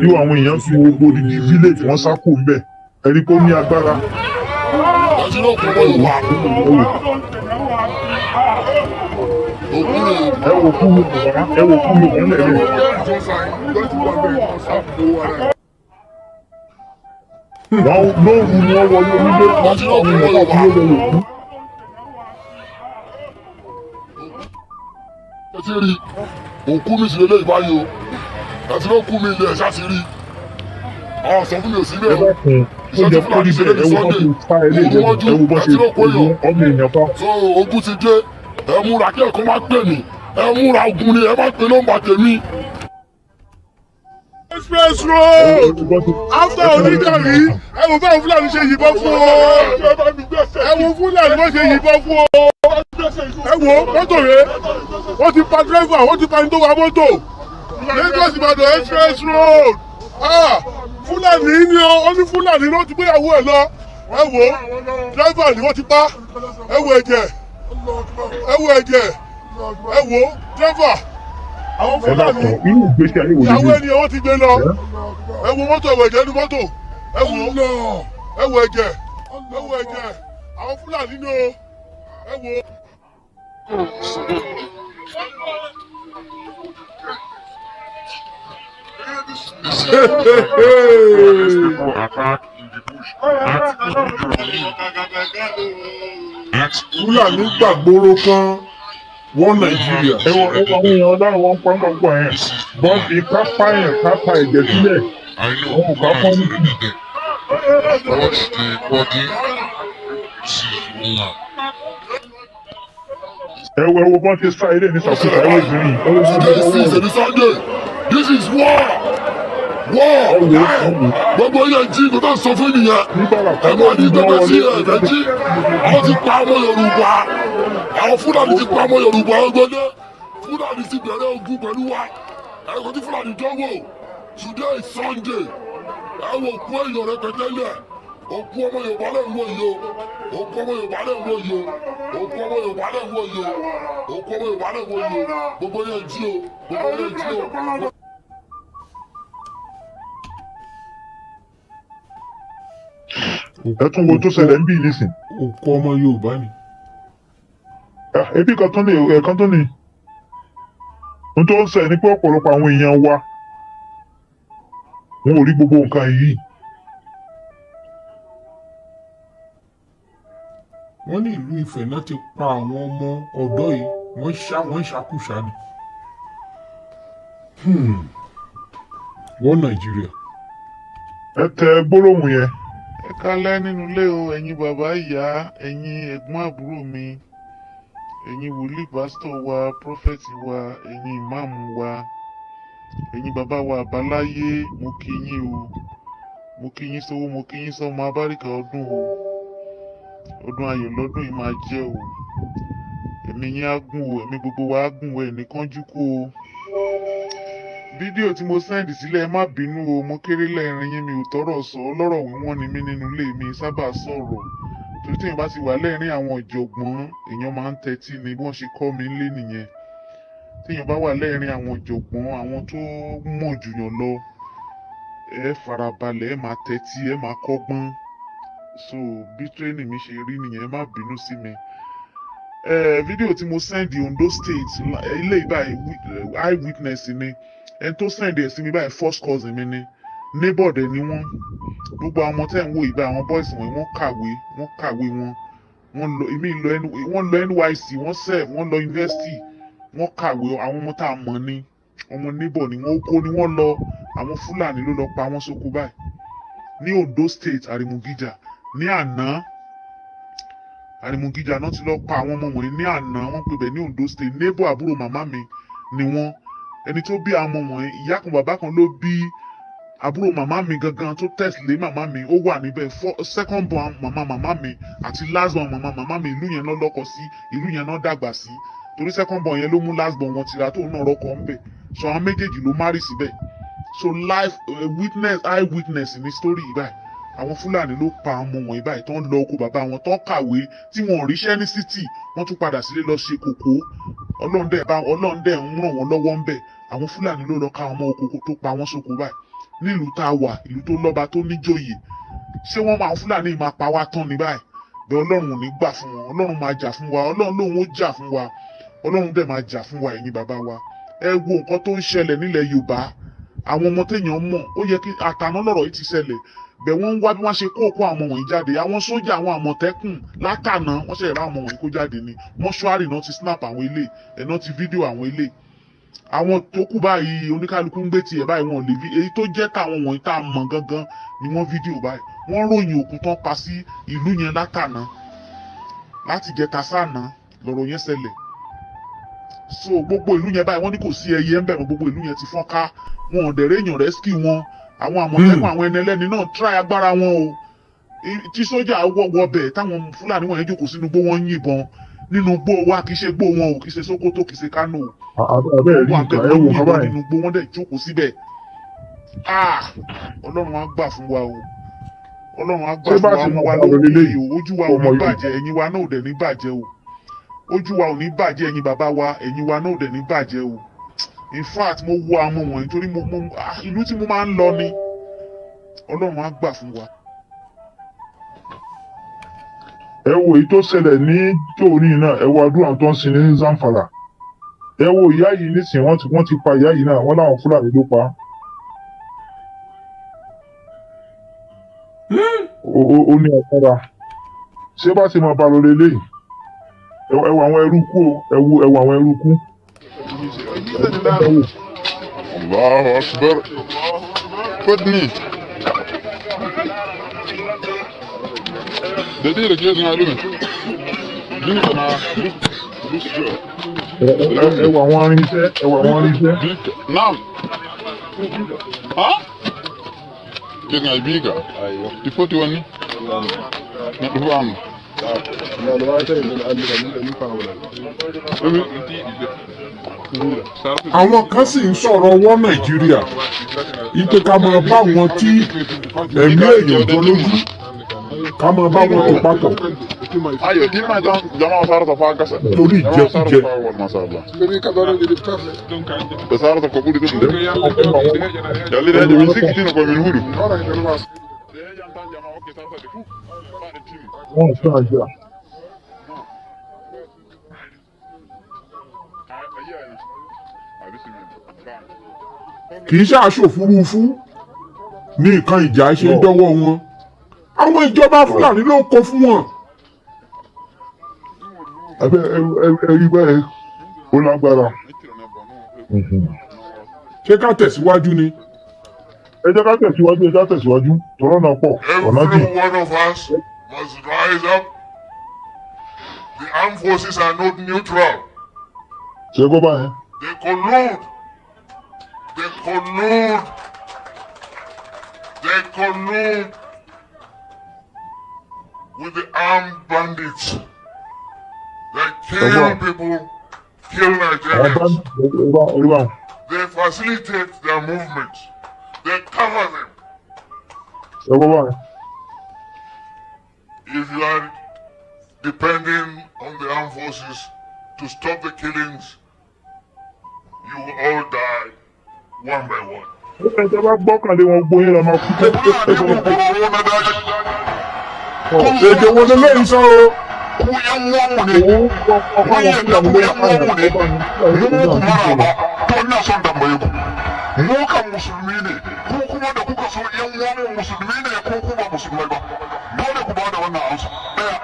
bí àwọn èèyàn fi gbogbo odidi village wọn sá kò ń bẹ̀ ẹ rí i pé ní agbára. ẹ wò kú yorùbá ẹ wò kú yorùbá ńlẹ̀ mi wọn lóòrù ni wọn wọlé onílé wọn sọ ní ìmọ̀ta àti ilé yòókù. ẹ ti rí òkú mi sì lélẹ́yìí báyìí o àti lóòkú mi ilé ẹ̀ ṣáà ti rí àwọn sọ fún mi ò sí bẹ́ẹ̀ o ìṣẹ́jú fúlàní ṣe lẹ́nu sunday ogun wájú àti lóòkú èèyàn so ogun ti dé ẹ múra kí ẹ̀kọ́ má pè mí ẹ múra ogun ni ẹ má pè ló ń bà tèmi express road after onídàrí ẹ̀wọ̀n báwọn fúlàní ṣe yìnbọn fún o ẹ̀wọ̀n fúlàní wọ́n ṣe yìnbọn fún o ẹ̀wọ̀n mọ́tò rẹ̀ wọ́n ti pa dírẹ́fà wọ́n ti pa ní tó wa mọ́tò Lagos Ìbàdàn express road ah, fúlàní ni ó ní fúlàní ló ti gbéyàwó ẹ̀ lọ ẹ̀wọ̀n Driver, ni wọ́n ti pa ẹ̀wọ̀n ẹ̀jẹ̀ ẹ̀wọ̀n ẹ̀jẹ̀ ẹ̀wọ̀n Driver àwọn fúlàní ìyàwó ènìyàn wọn ti gbé lọ ẹ wo mọ́tò ẹ̀wọ̀ ẹ̀jẹ̀ ní mọ́tò ẹ wo ẹ̀wọ̀ ẹ̀jẹ̀ ẹ̀wọ̀ ẹ̀jẹ̀ àwọn fúlàní ni o ẹ wo. fúlàní gbàgbóró kan wọ́n nàìjíríà. ẹ wọ ẹ wọ àwọn ọlọ́run wọn pọ́n kankan yẹn bọ́ọ̀dì kápá yẹn kápá ẹ̀jẹ̀ sílẹ̀ wọn ò bá pọ́n ní kí. What the body ẹ wọ ẹ wo bọ́ọ̀dì sá ilé ní South Africa ẹ wọ ìgbìmọ̀ yìí. this is Sunday this is war war gbogbo yẹn jí kò tó sọ fún nìyẹn ẹ mọ ní gbogbo sí ẹ fẹ jí wọn ti pa ọmọ Yorùbá àwọn fúlàní ti pamọ́ yorùbá ọgbọ́dẹ́ fúlàní ti bẹ̀rẹ̀ ogun pẹ̀lú wa ẹ̀kọ́ tí fúlàní dánwò today is sunday ẹ̀wọ̀ òkú èèyàn rẹpẹtẹ lẹ̀ òkú ọmọ yorùbá lẹ̀ ń wò òkú ọmọ yorùbá lẹ̀ ń wò òkú ọmọ yorùbá lẹ̀ ń wò òkú ọmọ yorùbá lẹ̀ ń wò gbogbo yẹn jí o gbogbo yẹn jí o. ẹ tún wo tó ṣẹlẹ̀ ń bí nísìn. òkú ọmọ yorùbá ni ebi eh, kan tó ní ẹ̀kan tó ní ohun tó ń sẹ̀ ni pé ọ̀pọ̀lọpọ̀ àwọn èèyàn wa wọn ò rí gbogbo nǹkan yìí. wọ́n ní ìlú Ifẹ̀ náà ti pa àwọn ọmọ ọ̀dọ́ yìí wọ́n ṣá wọ́n ṣàkúṣà ni. Hmm. wọ́n Nàìjíríà. ẹ tẹ gbólóhùn yẹn. ẹ kálẹ́ nínú ilé o ẹ̀yin bàbá ìyá ẹ̀yin ẹ̀gbọ́n àbúrò mi. ẹ̀yin wòlíì pásítọ̀ wa prọfẹ̀tì wa ẹ̀yin ìmáàmù wa ẹ̀yin bàbá wa àbáláyé mo kí o mo kí yín sówó mo kí yín sọ́mọ ọdún o ọdún ayọ̀ lọ́dún yìí máa jẹ́ o ẹ̀mí yín o ẹ̀mí gbogbo wa á gùn o ẹ̀mí kánjú o fídíò tí mo sẹ́ndì sílẹ̀ ẹ má o mo kéré yín mi ò tọrọ sọ ọlọ́rọ̀ wíwọ́n ni mí nínú ilé mi sábà torí tí èèyàn bá ti wà lẹ́rìn àwọn ọ̀jọ̀gbọ́n èèyàn máa ń tẹ́tí ni bí wọ́n ṣe kọ́ mi lé nìyẹn tí èèyàn bá wà lẹ́rìn àwọn ọ̀jọ̀gbọ́n àwọn tó mọ̀ jùyàn lọ ẹ farabalẹ̀ ẹ máa tẹ́tí ẹ máa kọ́gbọ́n so bí training mi ṣe rí nìyẹn ẹ má bínú sí mi fídíò tí mo send Ondo State ilé ìbáyìí eye witness ni ẹni tó send ẹ̀ sí mi báyìí first cousin mi ni neighbor dẹ̀ ni wọ́n gbogbo àwọn ọmọ tẹ̀ ń wò ìgbà àwọn boys wọn wọ́n kàwé wọ́n kàwé wọn wọ́n lọ èmi lọ wọ́n lọ NYSC wọ́n serve wọ́n lọ university wọ́n kàwé àwọn ọmọ tá a mọ̀ ni ọmọ níbọ̀ ni wọ́n kó ni wọ́n lọ àwọn Fúlàní ló lọ pa wọ́n sóko báyìí ní Ondo state Arimugija ní àná Arimugija náà ti lọ pa àwọn ọmọ wọ̀nyí ní àná wọ́n pè bẹ́ẹ̀ ní Ondo state nebo àbúrò màmá mi ni wọ́n ẹni tó bí àwọn ọmọ wọ̀nyí ìyá kan bàbá kan ló bí àbúrò màmá mi gangan tó tẹ̀lé màmá mi ó wà níbẹ̀ second born màmá màmá mi àti last born màmá màmá mi ìlú yẹn náà lọ́kọ sí ìlú yẹn náà dàgbà sí torí second born yẹn ló mú last born wọn tira tó náà rọ́kọ ń so àwọn méjèèjì ló má rí síbẹ̀ so life uh, witness eye witness ní story ibà àwọn fúlàní ló pa ọmọ wọn ibà tán lọ oko bàbá wọn tán kàwé tí wọn ò ríṣẹ́ ní city wọ́n tún padà sílé lọ ṣe kòkó ọlọ́ọ̀dẹ̀ ń ràn wọ́n lọ́wọ́ ń àwọn fúlàní ló lọ ká ọmọ okòkò tó pa wọ́n sóko báyìí nílùú tá a wà ìlú tó lọ́ba tó níjòyè ṣé wọ́n máa fúlàní máa pa wá tán ní báyìí bẹ́ẹ̀ ọlọ́run ò ní gbà fún wọn ọlọ́run máa jà fún wa ọlọ́run lòun ó jà fún wa ọlọ́run dẹ̀ máa jà fún wa ẹ̀yin bàbá wa ẹ wo nǹkan tó ń ṣẹlẹ̀ nílẹ̀ yorùbá àwọn ọmọ téèyàn mọ̀ ó yẹ kí àtàná lọ̀rọ̀ yìí ti ṣẹlẹ̀ bẹ́ẹ̀ wọ́n ń wá bí wọ́n ṣe kó òkú àwọn wọ̀nyí jáde àwọn sójà àwọn àmọ̀tẹ́kùn látàná wọ́n ṣẹ̀ṣẹ̀ bá àwọn wọ̀nyí kó jáde ni mọ́ṣúárì náà ti snap àwọn ilé ẹ̀ náà ti fídíò àwọn ilé àwọn tó kù báyìí oníkálukú ń gbé tiẹ̀ báyìí wọn ò lè bí èyí tó jẹ́ táwọn wọ̀nyí tá a mọ̀ gangan ni wọ́n fídíò báyìí wọ́n ròyìn òkú tán pa sí ìlú yẹn látànà láti jẹta sáànà lọ́rọ̀ yẹn ṣẹlẹ̀ so gbogbo ìlú yẹn báyìí wọ́n ní kò sí ẹyẹ ń bẹ̀ mọ́ gbogbo ìlú yẹn ti fọ́n ká wọn ò dẹ̀ réèyàn rescue wọn àwọn àmọ̀tẹ́kùn hmm. àwọn ẹni ẹlẹ́ni náà try agbára wọn o tí sójà wọ wọbẹ̀ táwọn fúlàní wọn jókòó sínú gbó wọn yìnbọn nínú gbó wa kì í ṣe gbó wọn o kì í ṣe Sokoto kì í ṣe Kano o wọn wà bẹ́ẹ̀ wọ́n yìnbọn nínú gbó wọn dẹ̀ jókòó síbẹ̀ ah, ọlọ́run á gbà fún wa o ọlọ́run á gbà fún wa ọmọ wa ló ń bí o ojú wa ò ní bàjẹ́ ẹ̀yin wa náà ò dẹ̀ ní bàjẹ́ o ojú wa ò ní bàjẹ́ ẹ̀yin bàbá wa ẹ̀yin wa náà ò dẹ̀ ní bàjẹ́ o in fact mo wo àwọn wọ̀nyí torí ah, ìlú tí mo máa ń lọ ni ọlọ́run á gbà fún wa ẹ wo èyí tó ṣẹlẹ̀ ní tòní náà ẹ wo àdúrà tó ń sin ní Zamfara ẹ wo ìyá yìí nísìn wọ́n ti wọ́n ti pa ìyá yìí náà wọ́n láwọn Fúlàní ló pa. ó ní ọ̀kadà ṣé bá ti máa ba lọ lélẹ́yìí ẹ wo àwọn ẹrúkú o ẹ wo ẹ wo àwọn ẹrúkú. Allahu Akbar. Good news. Det är det det krävs i det här rummet. Blinkarna, bussjö. Ẹwà wọn rí iṣẹ́, ẹwà wọn rí iṣẹ́. Nam. Ha? Kí ni àìbíkà? Ìfọ́ ti wọ́n ní? Ní Àwọn kan sì ń sọ̀rọ̀ ọwọ́ Nàìjíríà. Ìtẹ̀ka máa bá wọn tí ẹ̀mí èèyàn jọ lójú ká máa wọn tó papọ̀. ayò tí ma jọ jọmọ sára tó fọ akásá. lórí ìjẹkújẹ. bẹ sára tó kọkúri tó dẹ. jàlí dẹ jẹ mi sí kìtì nìkan mi wúlò. wọ́n sọ àjọ. kì í ṣe aṣòfurufú ní nǹkan ìjà ṣe ń dọ́wọ́ wọn àwọn ìjọba Fúlàní ló ń fún wọn. abẹ ẹrí báyìí ó lágbára ṣé ká tẹ̀síwájú ni ẹ jẹ́ ká tẹ̀síwájú ẹ jẹ́ ká tẹ̀síwájú tọ́rọ́ náà pọ̀ ọ̀nà jù. Every one of us must rise up. The armed forces are not neutral. ṣé gbọ́ báyẹn. They collude. They collude. They collude with the armed bandits that kill people, kill Nigerians. They facilitate their movement. They cover them. So if you are depending on the armed forces to stop the killings, you will all die one by one. èdè wo yan uwanmu ne, Mu ko kuma da kuka so yan uwanmu musulmi ne ko kuma musulmai ba. Dole ku bada wannan amsa. Ɗaya,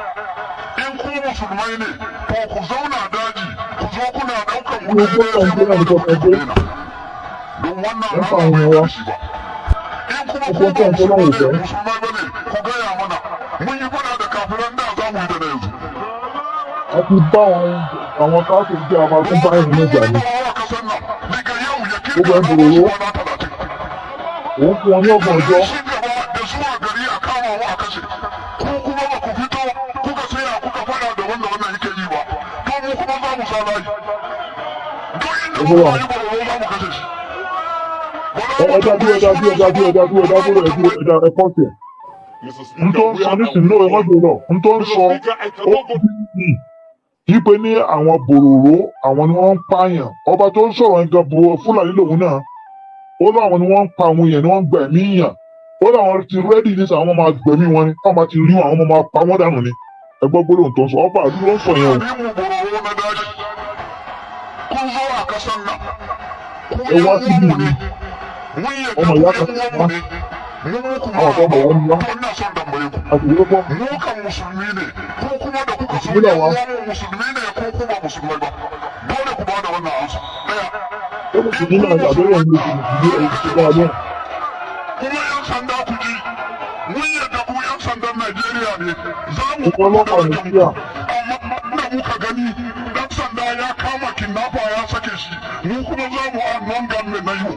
in ku musulmai ne, ko ku zauna daji, ku zo kuna ɗaukan mu daidai sai mu kuma ku ba ne, ku gaya mana mun yi fada da kafiran da za mu yi da na yanzu. a ti bá àwọn káfíń jẹ́ àwọn akúbá ẹ̀rù mẹ́jà ni. gbogbo ẹ̀bùrù owó òun fún wọn ní ọgbọ̀n ọjọ́. Ọjọ́ wa ẹ dájú ẹ dájú ẹ dájú ẹ dájú ẹ dájú ẹ ẹ pọ́sẹ̀ ntọ́ ń sọ nísìnyí náà ẹ̀wọ́n jùlọ ntọ́ ń sọ ó bí yípe ní àwọn bòròró àwọn ni wọ́n ń pààyàn ọba tó ń sọ̀rọ̀ nǹkan bo fúlàní lòun náà ó láwọn ni wọ́n ń pa àwọn èèyàn ni wọ́n ń gbẹ̀mí yàn ó láwọn ti rẹ́dì ní sàwọn máa gbẹ̀mí wọn ni káwọn máa ti rí àwọn máa pa wọ́n dànù ni ẹgbẹ́ gbólóhùn tó ń sọ ọba àdúgbò ló ń sọ yẹn o. ẹ wá síbi yìí ọmọ ìyá kan ti pa. mu kuma to ina son tambaye ku musulmi ne ko kuma da kuka musulmi ne ko kuma musulmai ba dole ku bada wannan amsa daya kuma yan sanda ku ji mun yadda ku yan sandan Najeriya ne za mu kuma da muka gani dan sanda ya kama kinnafa ya sake shi mu kuma zamu mu annon na yau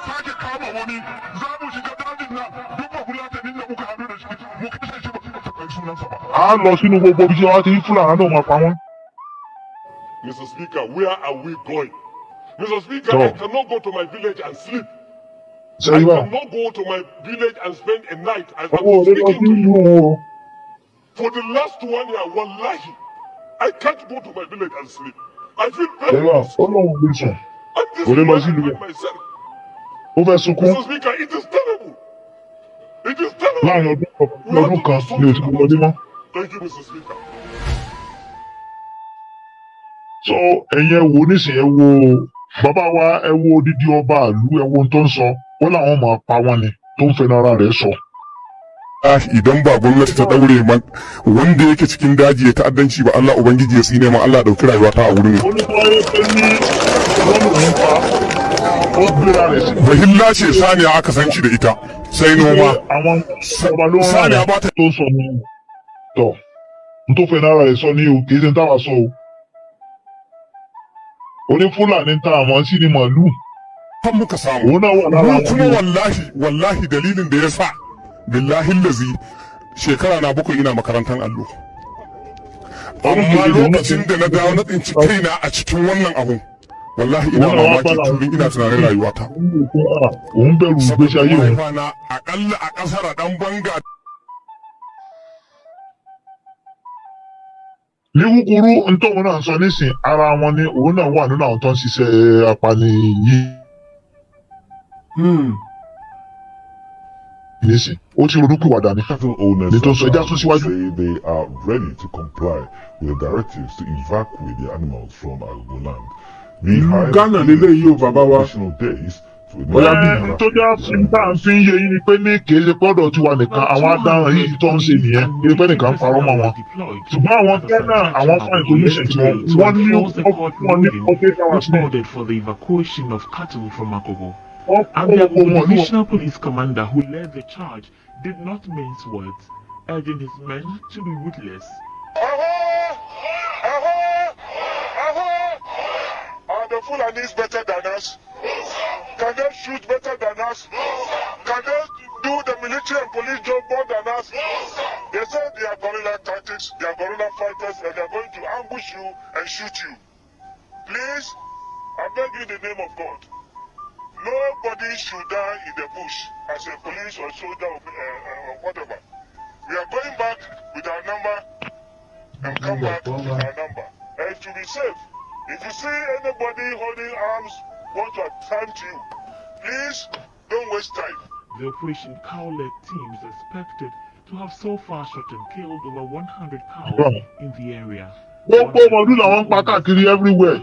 a lọ sínú gbogbo ibi tí wọ́n ti fúlàní náà máa pa wọ́n. Mr. Speaker, where are we going? Mr. Speaker, so, I cannot go to my village and sleep. So I cannot go to my village and spend a night as oh, I'm speaking to you. Know. For the last one year, one wallahi, I can't go to my village and sleep. I feel very lost. Oh, no, and this is why I find myself. Over Mr. Speaker, it is terrible. láàrin ọdún kan mi ò ti so ẹ̀yin ẹ wo Ewo ẹ wo bàbá wa ẹ wo odidi ọba àlú ẹ wo tó ń sọ wọ́n làwọn máa pa wọ́n ni tó ń fẹnu idan ba gwamnati ta daure man wanda yake cikin daji ya ta'addanci ba Allah ubangiji ya tsine ma Allah dauki rayuwa ta a bahilla ce saniya aka san shi da ita sai noma saniya ba ta tó sọ ní tọ n tó fẹ́ náírà rẹ̀ sọ ní o kì í ṣe ń tàwa sọ ta àmọ́ sí ni màálù. kan muka samu mu kuma wallahi wallahi dalilin da ya sa billahi lazi shekara na bakwai ina makarantar allo amma lokacin da na dawo na tsinci kaina a cikin wannan abu. wallahi ina mamaki kullum ina tunanin rayuwa ta un bẹ̀rù gbèsè ayé òun akalla a kasar dan banga ní kúkúrú ntọ́wọ́n náà sọ nísìn ara wọn ni òun náà wà nínú àwọn tó ń ṣiṣẹ́ apànìyàn hmm. nísìn ó ti ronú pìwàdà ní. ní sọ ẹja tó síwájú. say they are ready to comply with the directives to evacuate the animals from Agogo land ìlú Ghana lélẹ́yìí o bàbá wa bóyá bí tó já tá à ń fi yín ni pé ní kì í ṣe pọ́dọ̀ tiwa nìkan àwọn adarun yìí tó ń ṣe nìyẹn kì í nìkan parọ́ mọ́ wọn. ṣùgbọ́n àwọn kẹ́nà àwọn fine solution tí wọ́n ní wọ́n ní ọ̀pẹ́ towers náà. And their commissioner police commander who led the charge did not mince words, urging his men to be ruthless the Fulanis better than us? Can they shoot better than us? Can they do the military and police job more than us? they say they are guerrilla tactics, they are guerrilla fighters, and they are going to ambush you and shoot you. Please, I beg you in the name of God. Nobody should die in the bush as a police or soldier or, uh, uh, whatever. We are going back with our number and come back with our number. And to be safe. If you see anybody holding arms, want to attempt you, please don't waste time. The Operation Cowlet team is expected to have so far shot and killed over 100 cows wow. in the area. Wọ́n pọ̀ mọ̀dún làwọn ń pa káàkiri everywhere.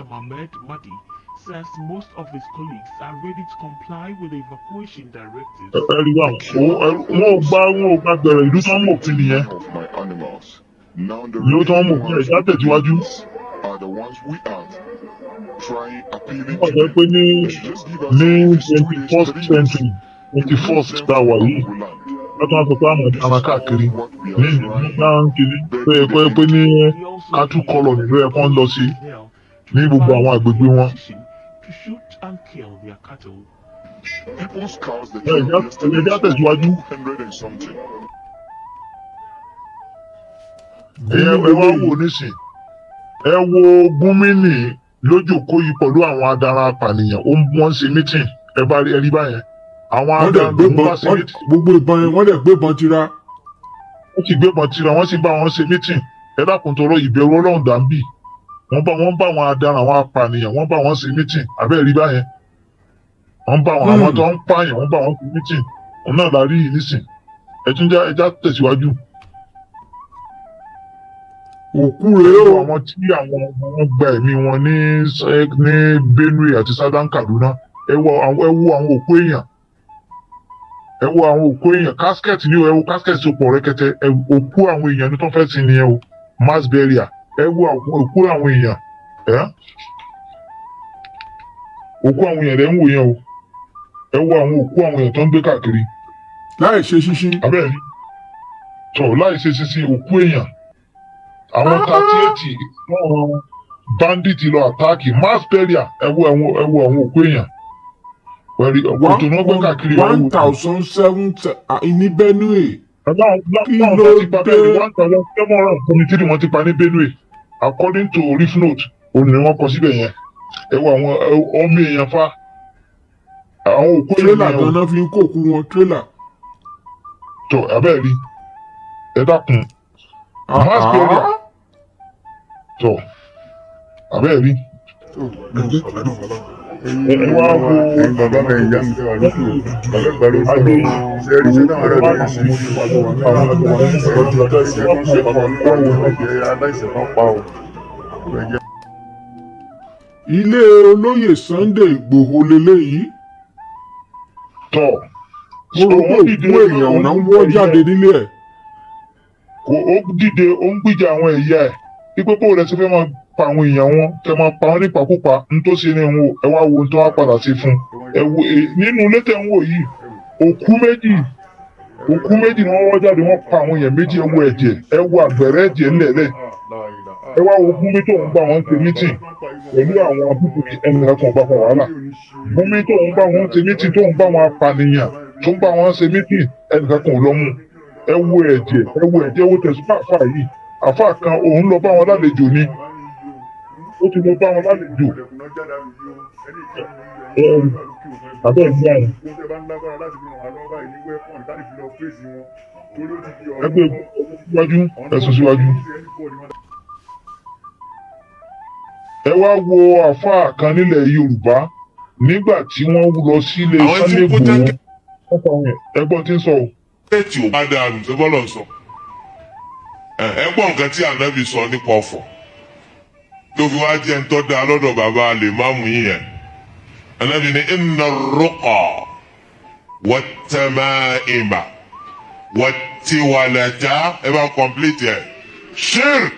Mohammed Madi says most of his colleagues are ready to comply with the evacuation directives. Ẹ̀rí wa, wọ́n ò gbá wọ́n ò gbá gbẹ̀rẹ̀ ìlú tó ń mọ̀ fi nìyẹn. Ìlú tó ń mọ̀ fi ẹ̀dá tẹ̀síwájú ọ̀dọ̀ pé ní ní twenty first century twenty first ta wà yìí lọ́tọ́ àti pé àwọn ará káàkiri ní káàkiri tó yẹ kó pé ní cattle colony cattle. yẹ kó ń lọ sí ní gbogbo àwọn àgbègbè wọn. ẹ̀jẹ̀ àtẹ̀síwájú. ẹ̀yẹ ẹ̀wá wò nísìnyí ẹ wo gúnmínì lójòkó yìí pẹ̀lú àwọn adaran apànìyàn wọ́n ń ṣe mítìn ẹ bá rí ẹrí báyẹn àwọn adaran ló bá ṣe mítìn. gbogbo ìbọn yẹn wọ́n lè gbébọn tira. wọ́n ti gbébọn tira wọ́n sì bá wọn ṣe mítìn ẹ dákun tọrọ ìbẹ̀rù ọlọ́run dàbí wọ́n bá wọ́n bá wọn adaran àwọn apànìyàn wọ́n bá wọn ṣe mítìn àbẹ́ rí báyẹn wọ́n bá wọn àwọn hmm. tó ń pààyàn wọ́n bá wọn ṣe mítìn òun náà la rí yìí nísìn ẹ tún já ẹ já tẹ̀síwájú òkú rèé o àwọn tí àwọn wọn gba ẹ̀mí wọn ní ní Benue àti Southern Kaduna ẹ wo àwọn òkú èèyàn ẹ wo àwọn òkú èèyàn casket ni o ẹ wo casket tó pọ̀ rẹ̀kẹ̀tẹ̀ òkú àwọn èèyàn ní tó fẹ́ sí nìyẹn o mass burial ẹ wo òkú àwọn èèyàn ẹ òkú àwọn èèyàn rẹ ń wò yẹn o ẹ wo àwọn òkú àwọn èèyàn tó ń gbé káàkiri. láì ṣe ṣíṣí. abẹ́rẹ́ tó láì ṣe ṣíṣí òkú èèyàn àwọn thirty eight náà bandit lọ àtáàkì mass burial ẹwọ ẹwọ ẹwọ àwọn òkú èèyàn wẹrí ọwọ ètò náà gbé káàkiri ẹwọ. one thousand seven ní benue. kí dé one thousand seven hundred twenty three wọ́n ti pa ní benue according to reef note òní ni wọ́n kọ síbẹ̀ yẹn ẹwọ àwọn ọmọ èèyàn fa àwọn òkú èèyàn. tírélà ganan fi ń kó òkú wọn tírélà. tó abẹ́ẹ̀ rí ẹ dákun mass ah, burial. Ah tọ̀ àbẹ́ẹ̀ rí. ẹ̀yin wá wo bàbá mi ìyá mi bàbá ìgbàlódé ọ̀rọ̀ ṣe é ṣe náà rẹ̀ lóye sí àwọn àgbà ní sọ̀rọ̀ tí ọjọ́ ìṣẹ́ tó ṣe pàpà lọ́wọ́ ẹ̀jẹ̀ aláìsàn náà pa ọ́ ilé olóyè Sunday Ìgbòho leléyìí tọ mo rò pé òkú èèyàn ọ̀nà ń wọ́ jáde nílé ẹ̀. kò ó dìde ó ń gbìjà àwọn ẹ̀yà ẹ̀. wípé bó rẹ ṣe fẹ́ máa pa àwọn èèyàn wọn kẹ máa pa wọn nípakúpa ní ni ẹ wá wo padà fún e, nínú méjì òkú méjì ni pa àwọn èèyàn méjì ẹ wo ẹ̀jẹ̀ ẹ wo àgbẹ̀rẹ̀ ẹ wá wo tó ń bá wọn ṣe mítìn pẹ̀lú àwọn kan bá wọn wàhálà àfáà kan òun lọ bá wọn lálejò ni ó ti lọ bá wọn lálejò abẹ́ ẹ̀ ní àyè. ẹgbẹ́ síwájú ẹ̀sùn síwájú. ẹ wá wo àfáà kan nílẹ̀ Yorùbá nígbà tí wọ́n lọ sílé Sunday Igboho ẹgbọ́n tí ń sọ. ẹ̀ẹ́dì ò bá dáa rùn ṣé bọ́lọ̀ ń sọ ẹ gbọ́ nǹkan tí ànábì sọ nípa ọ̀fọ̀ tó fi wá jẹ́ ntọ́ da lọ́dọ̀ bàbá lè má mú yín yẹn ànábì ní inna ruqa wat-tama'ima wat-tiwalata ẹ bá kọ́mplíìtì ẹ̀ ṣírk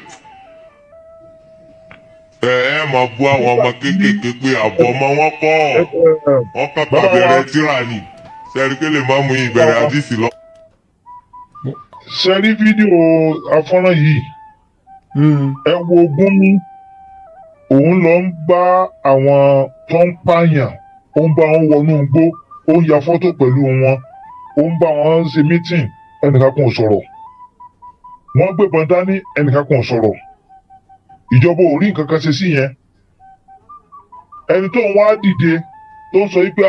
ẹ ẹ máa bú àwọn ọmọ kéékèèké pé àbọ̀ ọmọ wọn kọ́ wọn kàkà bẹ̀rẹ̀ tíra ni sẹ́ríkẹ́ lè má mú yín bẹ̀rẹ̀ àdìsí lọ ṣe rí fídíò afọ́nrán yìí hmm. ẹ wo Gumi òun lọ ń bá àwọn tó ó ń bá wọn wọnú igbó ó ń ya fọ́tò pẹ̀lú wọn ó ń bá wọn ṣe mítìn ẹnìkan kan ò sọ̀rọ̀ wọ́n gbébọn dání ẹnìkan kan ò sọ̀rọ̀ ìjọba ò rí nǹkan kan ṣe sí yẹn ẹni tó ń wá dìde tó ń sọ yìí pé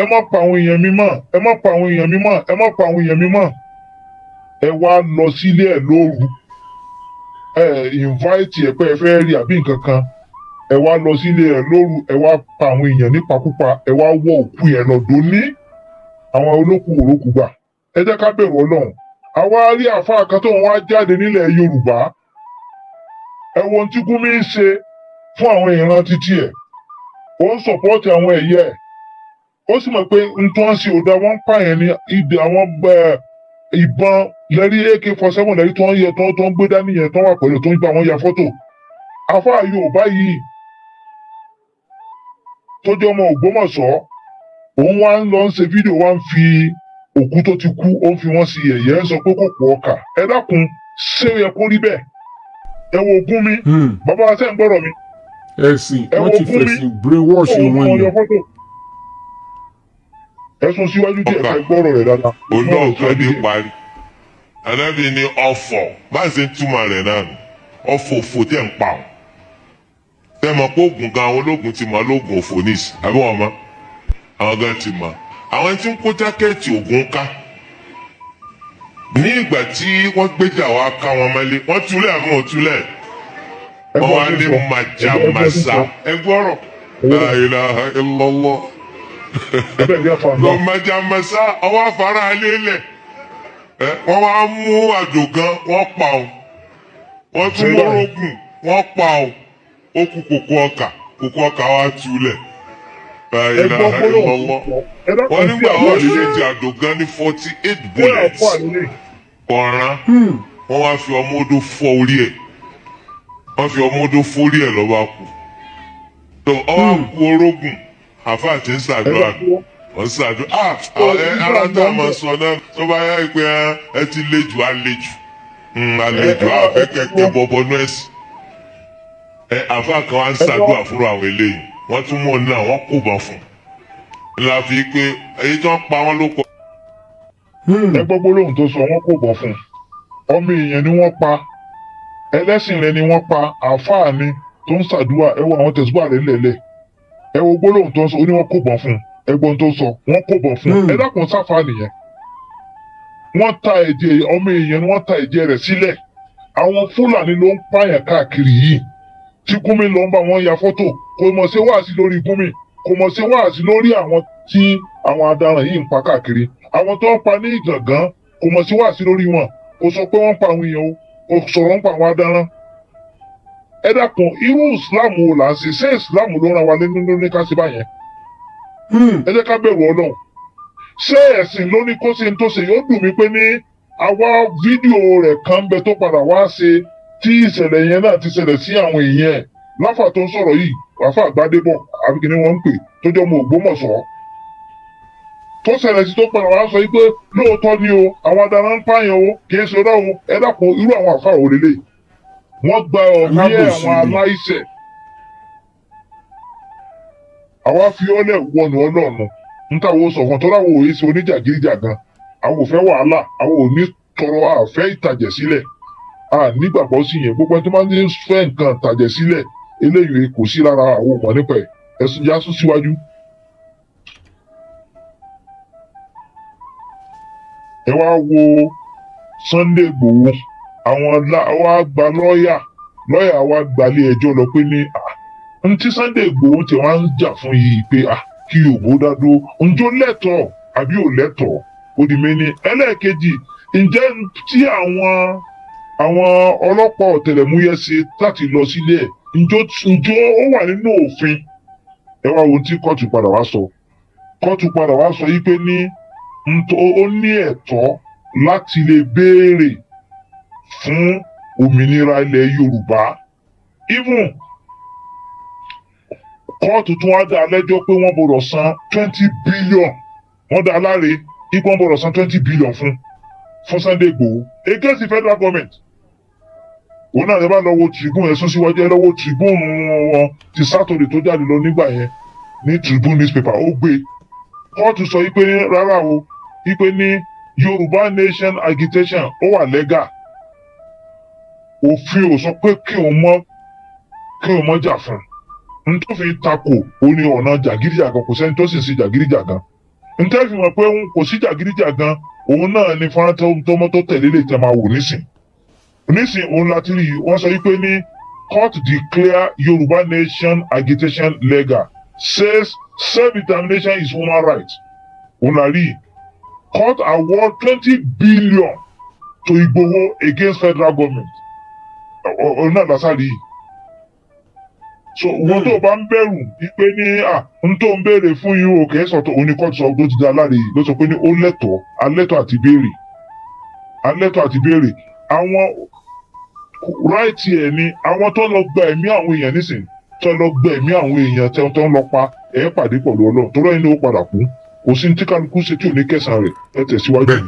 ẹ má pa àwọn èèyàn mi mọ́ ẹ má pa àwọn èèyàn mi mọ́ ẹ má pa àwọn èèyàn mi mọ́ ẹ wá lọ sílé ẹ̀ lóru ẹ invite ẹ̀ pé ẹ fẹ́ rí àbí nǹkan kan ẹ wá lọ sílé ẹ̀ lóru ẹ wá pa àwọn èèyàn nípakúpa ẹ wá wọ òkú yẹn lọ dóní àwọn olókùn òrókù gbà ẹ jẹ́ ká bẹ̀rù ọlọ́run àwa rí àfáà kan tó ń wá jáde nílẹ̀ yorùbá ẹ wo ohun tí Gumi ń ṣe fún àwọn ìran títí ẹ̀ ó ń sọ̀pọ́ọ̀tì àwọn ẹ̀yẹ ẹ̀ ó sì mọ̀ pé n ṣe òdà wọn ń pààyàn ní ibi àwọn bẹ́ẹ̀ ìbọn lẹ́rí ak forty seven lẹ́rí tó ń yẹ tó ń gbé dání yẹn tó wà pẹ̀lú tó ń gbà wọ́n ya fọ́tò afa yorùbá yìí tó jẹ́ ọmọ ògbómọ̀ṣọ́ òun wá ń lọ ń ṣe fídíò wá ń fi òkú tó ti kú ó ń fi wọ́n sí yẹ̀yẹ́ ń sọ pé kò pọ̀ ọkà ẹ dákun ṣé yẹ kó rí bẹ́ẹ̀ ẹ wo ogún mi hmm. bàbá wa mi ẹ wo ogún mi ó ń fọ́tò ẹ sún síwájú tí ẹ̀ka gbọ́rọ̀ rẹ̀ dáadáa. òun náà fẹ́ dé parí anábì ní ọ̀fọ̀ bá ṣe ń túmọ̀ rẹ̀ náà nù ọ̀fọ̀ òfò tẹ̀ ń pa ọ́ tẹ́ mọ̀ pé oògùn gan àwọn ológun ti mọ̀ lóògùn òfò níìsì àbí wọn mọ̀ àwọn gan ti mọ̀ àwọn tí ń kó jákẹ́ẹ̀tì ògùn ká ní ìgbà tí wọ́n gbéjà wá ká wọn mọ́lé wọ́n túlẹ̀ àbí wọn túlẹ̀ wọ́n wá ní màjà màsà ẹgbọ́rọ̀ la ilaha illallah. lọ́mọdé amẹ́sà ọwọ́ afárá alélẹ̀ wọ́n wá mú àjògán wọ́n pa ọ. wọ́n tún mọ́rọ́gùn wọ́n pa ọ́ ó kú kòkó ọkà kòkó ọkà wa túlẹ̀ ẹgbọ́n kóló wọ́n nígbà wọ́n ṣe ti àjògán ní forty eight bullets hmm. wá fi orí fi àfa àti ṣàdúrà wọ́n ṣàdúrà ah, ara tá a máa sọ náà tó bá yá pé ẹ ti le jù á le kẹ̀kẹ́ bọ̀bọ̀ nọ́ọ̀sì ẹ àfa kan á ń ṣàdúrà fúnra àwọn eléyìí wọ́n tún mọ̀ náà wọ́n kò bọ̀ fún un la fi pé èyí tó ń pa wọ́n ló kọ. Hmm. ẹ gbọ́ gbólóhùn tó sọ wọ́n kò bọ̀ fún un ọmọ èèyàn ni wọ́n pa ẹlẹ́sìn rẹ̀ ni wọ́n pa àáfàá ni tó ń ṣàdúrà ẹwà àwọn tẹ̀síwá rẹ̀ lẹ̀lẹ̀ ẹ wo gbólóhùn tó ń sọ ó ní wọ́n kò bọ̀ fún un ẹ̀gbọ́n tó ń sọ wọ́n kò bọ̀ fún un hmm. ẹ dákun sáfà nìyẹn wọ́n ta ẹ̀jẹ̀ ọmọ èèyàn wọ́n ta ẹ̀jẹ̀ rẹ̀ sílẹ̀ àwọn fúlàní ló ń pààyàn káàkiri yìí tí Gumi ló ń bá wọn ya fọ́tò kò mọ̀ ṣe wáàsí lórí Gumi kò mọ̀ ṣe wáàsí lórí àwọn tí àwọn adaràn yìí ń pa káàkiri àwọn tó ń pa ní Ìgàngán kò mọ̀ ṣe wáàsí lórí wọn kò sọ pé wọ́n pa àwọn èèyàn o kò sọ̀rọ̀ ń pa àwọn adaràn ẹ dákun irú islam wo là ń ṣe ṣé islam ló ran wa nínú ní ká ṣe báyẹn hmm. ẹ jẹ́ ká bẹ̀rù ọlọ́run ṣé ẹ̀sìn ló ní kó ṣe ń tó ṣe yóò dùn mí pé ní àwa fídíò rẹ̀ kan bẹ tó padà wá ṣe tí ìṣẹ̀lẹ̀ yẹn náà ti ṣẹlẹ̀ sí àwọn èèyàn ẹ̀ láfà tó ń sọ̀rọ̀ yìí wàfà àgbádébọ̀ àbíkíní wọn ń pè tó jọ́ mọ Ògbómọ̀ṣọ́ tó ṣẹlẹ̀ sí tó padà wá sọ yìí pé lóòótọ́ ni o àwọn adarán ń pààyàn o kì í ṣe ọ̀dọ́ o ẹ dákun irú àwọn àfà òrèlè yìí wọ́n gba ọ̀mí ẹ̀wọ̀n aláìṣẹ̀ àwa fi ọ́lẹ̀ wọnú ọlọ́run níta wo sọ fún tọ́lá wo èyí ṣe oníjàgídíjàgan àwọn ò wàhálà àwọn ò ní tọrọ àfẹ́ ìtàjẹ̀ sílẹ̀ a nígbàgbọ́ sí yẹn gbogbo ẹni tó máa ń fẹ́ nǹkan ìtàjẹ̀ sílẹ̀ eléyìí kò sí lára àwọn ọmọ nípa ẹ̀ ẹ̀sùn yá sún síwájú. ẹ wá wo Sunday Igboho. àwọn wa gba lọ́ọ̀yà lọ́ọ̀yà wa gbalé ẹjọ́ lọ pé ní ah, n tí Sunday Igboho tí wọ́n ń jà fún yìí pé ah, kí Yorùbá dá dúró ǹjọ́ lẹ́tọ̀ọ́ àbí ò lẹ́tọ̀ọ́ odìmẹ́ ni ẹlẹ́ẹ̀kejì ǹjẹ́ tí àwọn àwọn ọlọ́pàá ọ̀tẹlẹ̀múyẹ́ ṣe láti lọ sílé ẹ̀ ǹjọ́ ǹjọ́ ó wà nínú òfin ẹ wá ohun tí kóòtù padà wá sọ kóòtù padà wá sọ yí pé ní ó ní ẹ̀tọ́ láti lè béèrè fún òmìnira ilẹ̀ Yorùbá even kóòtù tún wá dá lẹ́jọ́ pé wọ́n gbọ́dọ̀ san twenty billion wọ́n dá láre ipò wọ́n gbọ́dọ̀ san twenty billion fún fún Sunday Igboho against the federal government òun náà lè bá lọ wo Tribune ẹ̀sùn síwájú ẹ̀ lọ wo Tribune wọn ti Saturday tó jáde lọ nígbà yẹn ní Tribune newspaper ó gbé kóòtù sọ yí pé rárá o yí pé ní Yorùbá nation agitation ó wà lẹ́gà òfin ò sọ pé kí o mọ kí o mọ jà fún n tó fi takò ó ní ọ̀nà jàgídíjàgan kò sẹ́ni tó sì sí jàgídíjàgan n tẹ́ fi mọ̀ pé kò sí jàgídíjàgan òun náà ni fọ́nrán tó mọ́ tó tẹ̀lé lè tẹ́ máa wò nísìn nísìn òun láti rí wọ́n sọ wípé ní court declare Yorùbá nation agitation legal says self-determination is human right òun là rí court award twenty billion to Igboho against federal government òun náà lásàrí yìí so wọn hmm. tó bá ń bẹ̀rù wípé ní à ń tó ń béèrè fún yín o kẹ́ sọ̀tọ̀ òun ni kóòtù sọ ló ti da láre yìí ló sọ pé ní ó lẹ́tọ̀ọ́ alẹ́tọ̀ àti béèrè alẹ́tọ̀ àti béèrè àwọn ráìtì ẹ̀ ni àwọn tó lọ gba ẹ̀mí àwọn èèyàn nísìn tó lọ gba ẹ̀mí àwọn èèyàn tẹ́ tó ń lọ pa ẹ̀ pàdé pẹ̀lú ọlọ́run tó lọ́yìn ní ó padà kú kò sí ní tí kálukú ṣe tí ò ní kẹsàn-án rẹ̀ ẹ tẹ̀síwájú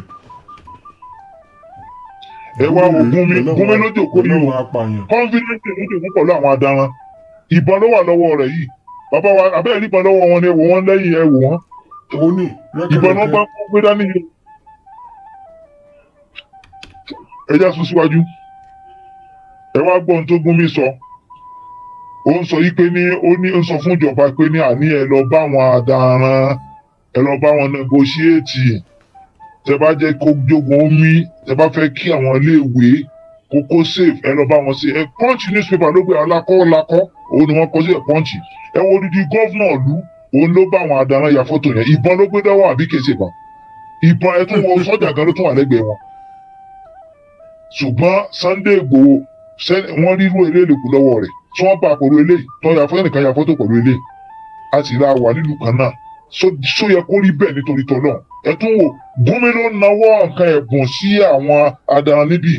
ẹ wá wo gúnmi gúnmi ló jòkó yìí o confidence ló jòkó pẹ̀lú àwọn adaran ìbọn ló wà lọ́wọ́ rẹ̀ yìí bàbá wa abẹ́rẹ́ ìbọn lọ́wọ́ wọn ni ẹ wò wọ́n lẹ́yìn ẹ wò wọ́n ìbọn náà bá gbé dání yìí ẹ já sún síwájú ẹ wá gbọ́n tó gúnmi sọ ó ń sọ yìí pé ní ó ní ń sọ fún ìjọba pé ní àní ẹ lọ bá wọn adaran ẹ lọ bá wọn negotiate tẹ bá jẹ́ kó jogun omi tẹ bá fẹ́ kí àwọn iléèwé kókó safe ẹ lọ bá wọn sí ẹ punch newspaper ló gbé alákọ́ lakọ́ òun ni wọ́n kọ́ sí ẹ punch ẹ wo odidi gọ́vnà ìlú òun ló bá àwọn adarán ya fọ́tò yẹn ìbọn ló gbé dánwò àbí kèsè kan ìbọn ẹ tún wọ sọ́jà gan ló tún wà lẹ́gbẹ̀ẹ́ wọn ṣùgbọ́n Sunday Igboho wọ́n rírú eré lè kú lọ́wọ́ rẹ̀ tí wọ́n bá pẹ̀lú eléyìí tó ya fọ́tò ya fọ́tò pẹ̀lú eléyìí a sì ra wà nílùú kan náà só yẹ kó rí bẹ́ẹ̀ nítorí tọ́lọ́ ẹ tún wò Gumi ló nawọ́ nǹkan ẹ̀bùn sí àwọn adaran níbí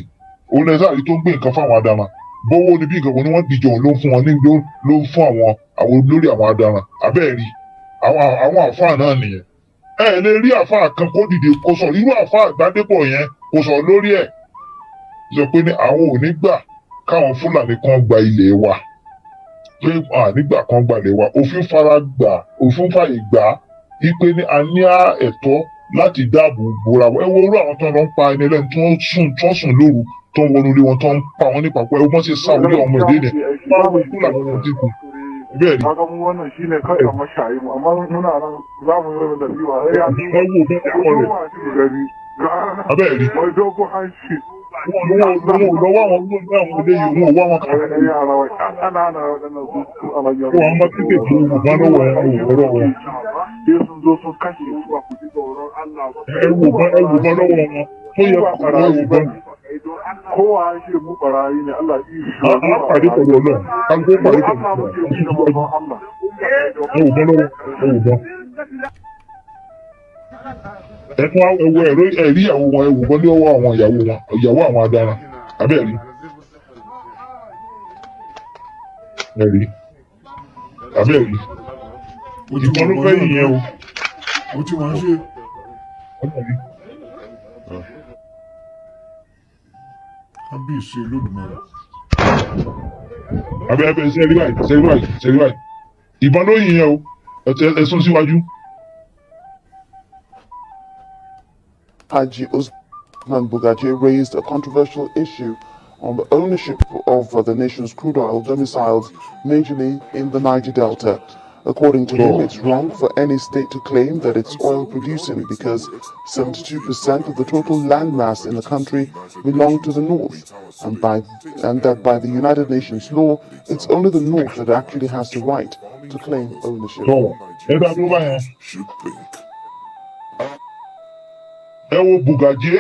òun ẹ̀ sáà rí tó ń gbé nǹkan fáwọn adaran bówó ni bí nǹkan kan ni wọ́n dìjọ ló ń fún wọn ní ló ń fún àwọn àwọn olórí àwọn adaran abẹ́ẹ̀rí àwọn àfáà náà nìyẹn ẹ lè rí àfáà kan kó dìde kó sọ irú àfáà Gbádébọ̀ yẹn kó sọ lórí ẹ̀ sọ pé ní àwọn ò ní gbà káwọn Fúlàní kan gba ilẹ̀ wa pé à nígbà kan gbalẹ̀ wa òfin fara gbà òfin fàyè gbà ipe ni a ní ẹ̀tọ́ láti dáàbò bora ẹ wo irú àwọn tó ń lọ ń pa ẹni ẹlẹ́ni tó ń sùn tó ń sùn lóru tó ń wọnú ilé wọn tó ń pa wọn nípa pé wọ́n ṣe sá orí ọmọ ìdí nìyẹn báwo wọn ò ẹkún ẹwọ ẹrọ ẹrí ìyàwó wọn ẹwù bọ ní ọwọ́ àwọn ìyàwó wọn ìyàwó àwọn adarun abẹ́ẹ̀rí ẹrí abẹ́ẹ̀rí ìbọn ló fẹ́ yìnyẹn o. o ti wọ́n ṣe. kábíyèsí olódùmarè. abẹ́ẹ̀bẹ̀ sẹ́rí báyìí sẹ́rí báyìí sẹ́rí báyìí ìbọn ló yìnyẹn o ẹ̀sùn síwájú. Haji Usman raised a controversial issue on the ownership of the nation's crude oil domiciles, majorly in the Niger Delta. According to him, it's wrong for any state to claim that it's oil producing because 72% of the total landmass in the country belong to the North, and, by, and that by the United Nations law, it's only the North that actually has the right to claim ownership. ẹ wo bùgàjẹ́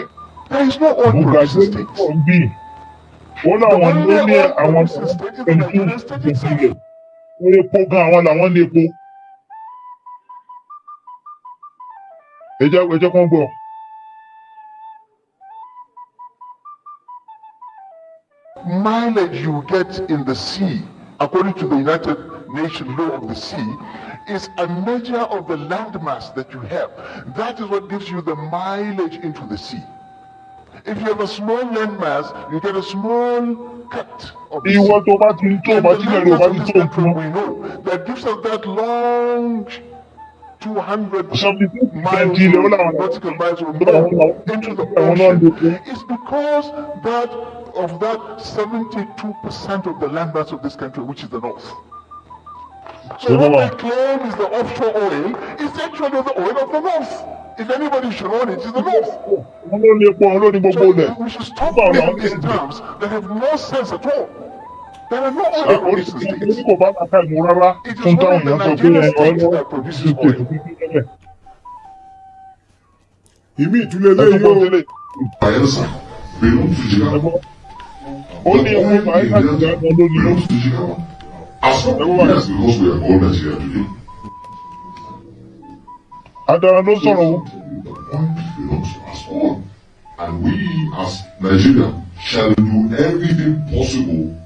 bùgàjẹ́ nìkan bí ó láwọn ló ní àwọn ẹnìkú ìgbésílẹ̀ wọ́n epo gan àwọn làwọn ní epo. ẹ jẹ́ ẹ jẹ́ kán gbọ́. Mileage you get in the sea, according to the United Nations law of the sea, is a measure of the landmass that you have. That is what gives you the mileage into the sea. If you have a small landmass, you get a small cut of the sea. And the landmass of this country we know that gives us that long 200 miles nautical miles into the ocean is because that of that 72% of the landmass of this country, which is the north. So what they claim is the offshore oil is actually the oil of the North. If anybody should own it, it's the North. Wọ́n We should stop making these terms that have no sense at all. There are no oil producers. Orí kò It is only of the Nigerian states that produces oil. Ìmí ìtúlẹ̀ lẹ́yìn o. Bayelsa, Belongs to Jigawa. Ó ní ọmọ Bayelsa Jigawa lórí. Belongs to Jigawa. As for everyone is those we are all Nigeria today. And there are no sorrow. And we as Nigeria shall do everything possible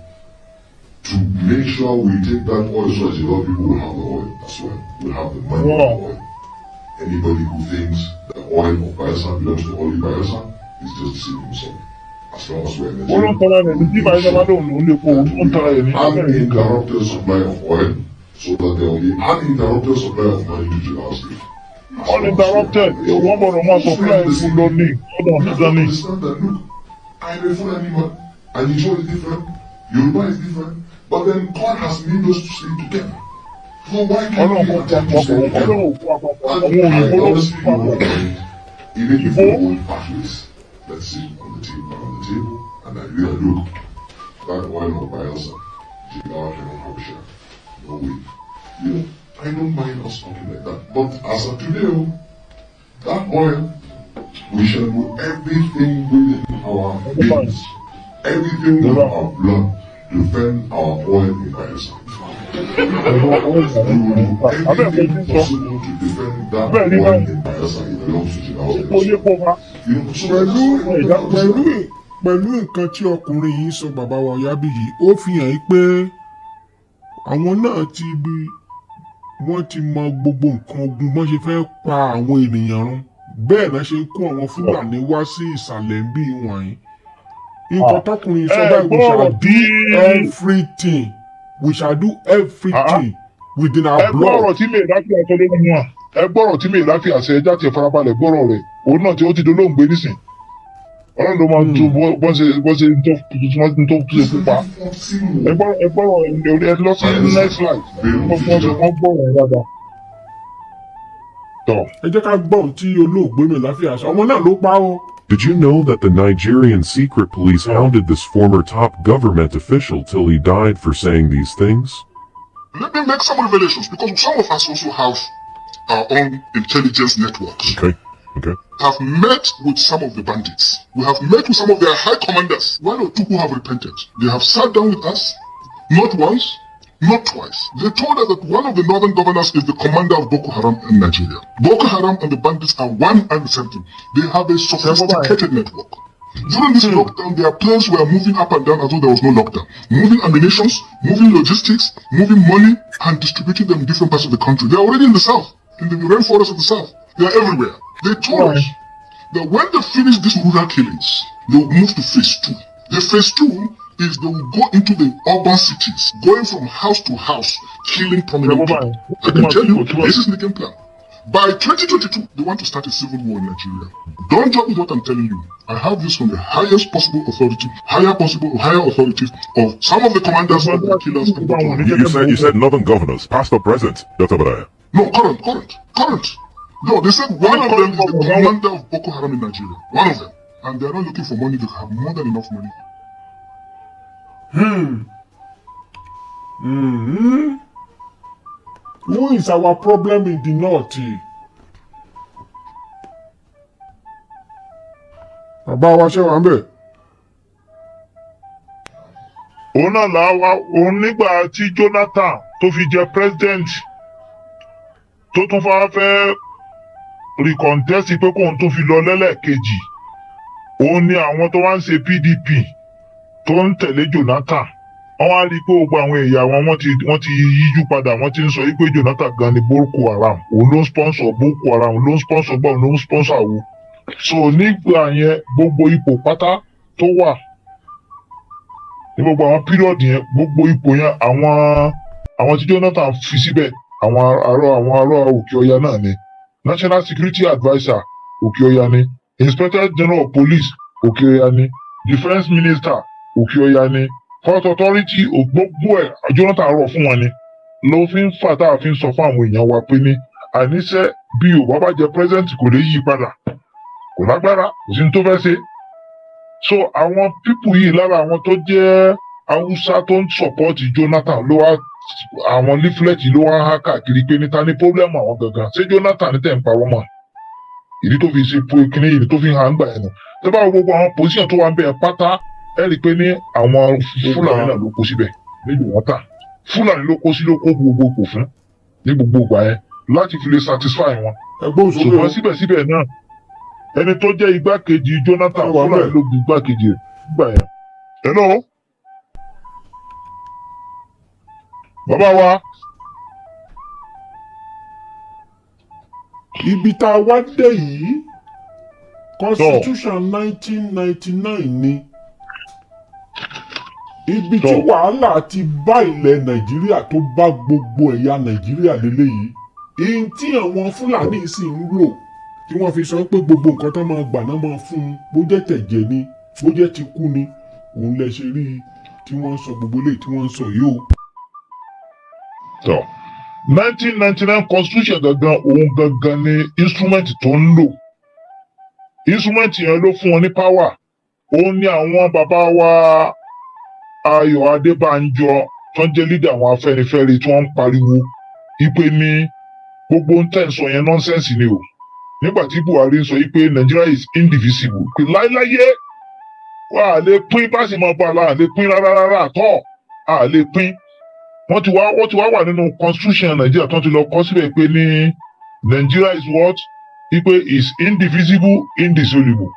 to make sure we take that oil so that a lot of people will have the oil as well. we Will have the money wow. the oil. Anybody who thinks the oil of Bayelsa belongs to only Bayelsa is just deceiving himself. ó ló uninterrupted supply of oil so that there will be uninterrupted supply of money to the house. uninterrupted wọ́n gbọ́dọ̀ máa sọ fún ẹ̀ hold on, hold on. ní. àìrè fún ẹni mọ́ àyíṣọ́ is different Yorùbá is different but then God has made those two stay together. So why can't we do stay together? And I honestly know that even if we hold pathways, let's see on the table. and I really had looked that wine or by yourself. She now cannot have a share. No way. Yeah, I don't mind us talking like that. But as of today, oh, that oil, we shall do everything within our means, everything within our blood, defend our oil in Bayelsa. everything possible to defend that oil in Bayelsa in the long You know, so pẹ̀lú nǹkan tí ọkùnrin yìí sọ bàbá wa Ọ̀yábíyì ó fi hàn yí pé àwọn náà ti bi wọ́n ti mọ gbogbo nǹkan ogun bọ́n ṣe fẹ́ pa àwọn ènìyàn run bẹ́ẹ̀ náà ṣe ń kó àwọn Fúlàní wá sí ìsàlẹ̀ ń bí wọ̀nyí nǹkan tọkùnrin sọ báyìí we shall do everything we shall do everything within our blood. ẹ gbọ́rọ̀ tí mi ìdáfíà sọ lórí wọn ẹ gbọ́rọ̀ tí mi ìdáfíà sọ ẹ jáde farabalẹ̀ gbọ́rọ̀ rẹ̀ òun náà tí ó ti dolóògbé nísìnyí. Ela não matou, você, você então, mas então precisa culpar. É bom, é bom, é nosso next life. Vamos fazer uma boa, nada. Ẹ jẹ́ ká gbọ́ tí olóògbé mi láfíà sọ, ọmọ náà ló pa ó. Did you know that the Nigerian secret police hounded this former top government official till he died for saying these things? Let me make some revelations because some of us also have our own intelligence networks. Okay okay, have met with some of the bandits. We have met with some of their high commanders, one or two who have repented. They have sat down with us, not once, not twice. They told us that one of the northern governors is the commander of Boko Haram in Nigeria. Boko Haram and the bandits are one and the same thing. They have a sophisticated network. During this hmm. lockdown, their planes were moving up and down as though there was no lockdown. Moving ammunition, moving logistics, moving money, and distributing them in different parts of the country. They're already in the south, in the rainforest of the south. They're everywhere. They told us that when they finish these rural killings, they will move to phase two. The phase two is they will go into the urban cities, going from house to house, killing prominent people. I can tell you, this is game plan. By 2022, they want to start a civil war in Nigeria. Don't judge me what I'm telling you. I have this from the highest possible authority, higher possible, higher authorities of some of the commanders and the killers. You, you said, you said northern governors, past or present, Dr. Baraya. No, current, current, current. No, they said one of them is the commander of Boko Haram in Nigeria. One of them. And they are not looking for money. They have more than enough money. Hmm. Mm hmm. Who is our problem in the north? Bàbá wa ṣe wà ń bẹ̀. Òun náà là wá òun Jonathan to fi jẹ president tó tún fara fẹ́ rìkọ̀ǹtẹ́sì pé kóun tún fi lọ lẹ́lẹ́kejì òun ni àwọn tó wá ń ṣe PDP tó ń tẹ̀lé Jonathan wọ́n wá rí i pé gbogbo àwọn ẹ̀yà wọn wọ́n ti yíjú padà wọ́n ti ń sọ wípé Jonathan gan ni Boko Haram òun ló ń sponsor Boko Haram ló ń sponsor gbà òun ló ń sponsor àwo so nígbà yẹn gbogbo ipò pátá tó wà ní gbogbo àwọn pírọ̀dì yẹn gbogbo ipò yẹn àwọn àwọn tí Jonathan fi síbẹ̀ àwọn ará àwọn ará òkè ọya náà ni National Security Adviser Okeoyani, Inspector General of Police Okeoyani, Defence Minister Okeoyani, Port Authority gbogbo ẹ̀ Jonathan rọ̀ fún wọn ni ló fi ń fà tá a fi ń sọ fún àwọn èèyàn wa pé ní àníṣe bí Yorùbá bá jẹ president kò lè yí padà kò lágbára kò sí ní tó fẹ́ ṣe so àwọn pípù yìí lára àwọn tó jẹ́ Haúsá tó ń sọ̀pọ́ọ̀tì Jonathan ló wá àwọn leaflet ló wá ń há káàkiri pé níta ní pọ́blẹ́mù àwọn gangan ṣé Jonathan ní tẹ̀ ń parọ́ mọ́ ìdí tó fi ṣe kíní ìdí tó fi hàn gbà ẹ̀ nù tẹ́ bá gbogbo àwọn pòsíṣàn tó wà ń bẹ̀ pátá ẹ̀ rí i pé ní àwọn Fúlàní náà ló kó síbẹ̀ nílùú wọn tà Fúlàní ló kó sí ló kó gbogbo kò fún ní gbogbo ìgbà yẹn láti fi lè satisfy wọn ṣùgbọ́n síbẹ̀síbẹ̀ náà ẹni tó jẹ́ igbákejì Jonathan Fúlàní ló gbé igbákejì rẹ̀ gbà yẹn. bàbá wa ibi tá a wá dé yìí constitution nineteen ninety nine ni ibi tí wàhálà ti bá ilẹ̀ nàìjíríà tó bá gbogbo ẹ̀yà nàìjíríà lélẹ́yìí èyí tí àwọn fúlàní sì ń lò tí wọ́n fi sọ pé gbogbo nǹkan tó máa gbà náà máa fún un bó jẹ́ tẹ̀jẹ̀ ni bó ti kú ni òun lẹ ṣe rí i tí wọ́n ń sọ gbogbo eléyìí tí wọ́n ń sọ yìí o tọ́ nineteen ninety nine constitution gangan òun gangan ni instrument tó ń lò instrument yẹn ló fún wọn ní power òun ni àwọn bàbá wa Ayọ̀ Adébánjọ tó ń jẹ́ leader àwọn Afẹ́nifẹ́re tí wọ́n ń pariwo ipe ní gbogbo ń tẹ̀sọ yẹn nọ́nsẹ̀nsì ni o nígbà tí Buhari sọ yìí pé Nigeria is indivisible pé láéláyé wà á lè pín bá sì máa bá a là á lè pín rárá rárá àtọ́ à lè pín wọ́n ti wá wọ́n ti wá wà nínú constitution nàìjíríà tó ti lọ kọ síbẹ̀ pé ní nàìjíríà is what ipe is indivisible indissoluble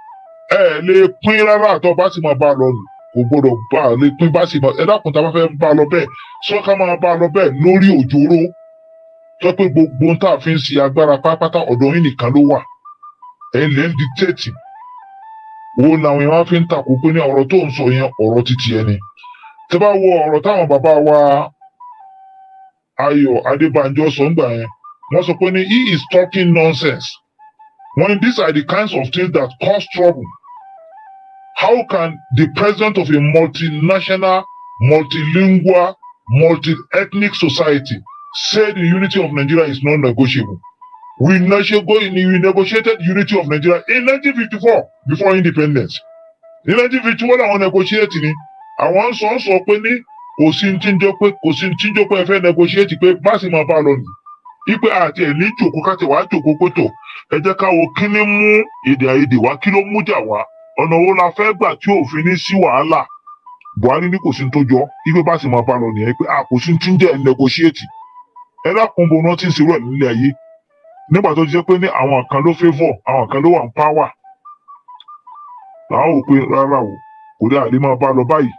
ẹ lè pín rárá àtọ bá sì máa bá a lọ nù kò gbọdọ̀ bá a lè pín bá sì máa ẹ dákun tá a bá fẹ́ bá a lọ bẹ́ẹ̀ sọ́ká máa bá a lọ bẹ́ẹ̀ lórí òjòrò tó pé gbogbo tá a fi ń ṣe agbára pátápátá ọ̀dọ̀ yín nìkan ló wà ẹ̀ lè ń dictate wo làwọn yẹn wá fi ń takò pé ní ọ̀rọ̀ tó ń sọ yẹn ọ̀rọ̀ títí ẹni tẹ́ bá wo ọ̀rọ̀ táwọn bàbá wa Ayo, adébánjọ sọ ń gbà yẹn wọ́n sọ pé he is talking nonsense when these are the kinds of things that cause trouble how can the president of a multinational multilingual multi-ethnic society say the unity of Nigeria is non-negotiable we negotiate. We negotiated unity of Nigeria in 1954 before independence in 1954 àwọn negotiate ni àwọn sọ sọ pé ní kò sí tí ń jọ pé kò sí tí ń jọ pé ẹ fẹ́ negotiate pé má sì máa bá a lọ nù ipe àti ẹ̀ ní jòkó ká ti wàá jòkó pé tò ẹ jẹ́ ká wo kí ni mú èdè àìyedè wá kí ló mú jà wá ọ̀nà wo la fẹ́ gbà tí òfin ní sí wàhálà Buhari ní kò sí tó jọ ipe bá sì máa bá a lọ nìyẹn pé a kò sí tí ń jẹ́ negotiate ẹ dákun bo náà tí ń ṣerú ẹ̀ nílé ayé nígbà tó jẹ́ pé ní àwọn kan ló favour àwọn kan ló wà ń power làwọn ò pé rárá o kò dé àlè máa bá a lọ báyìí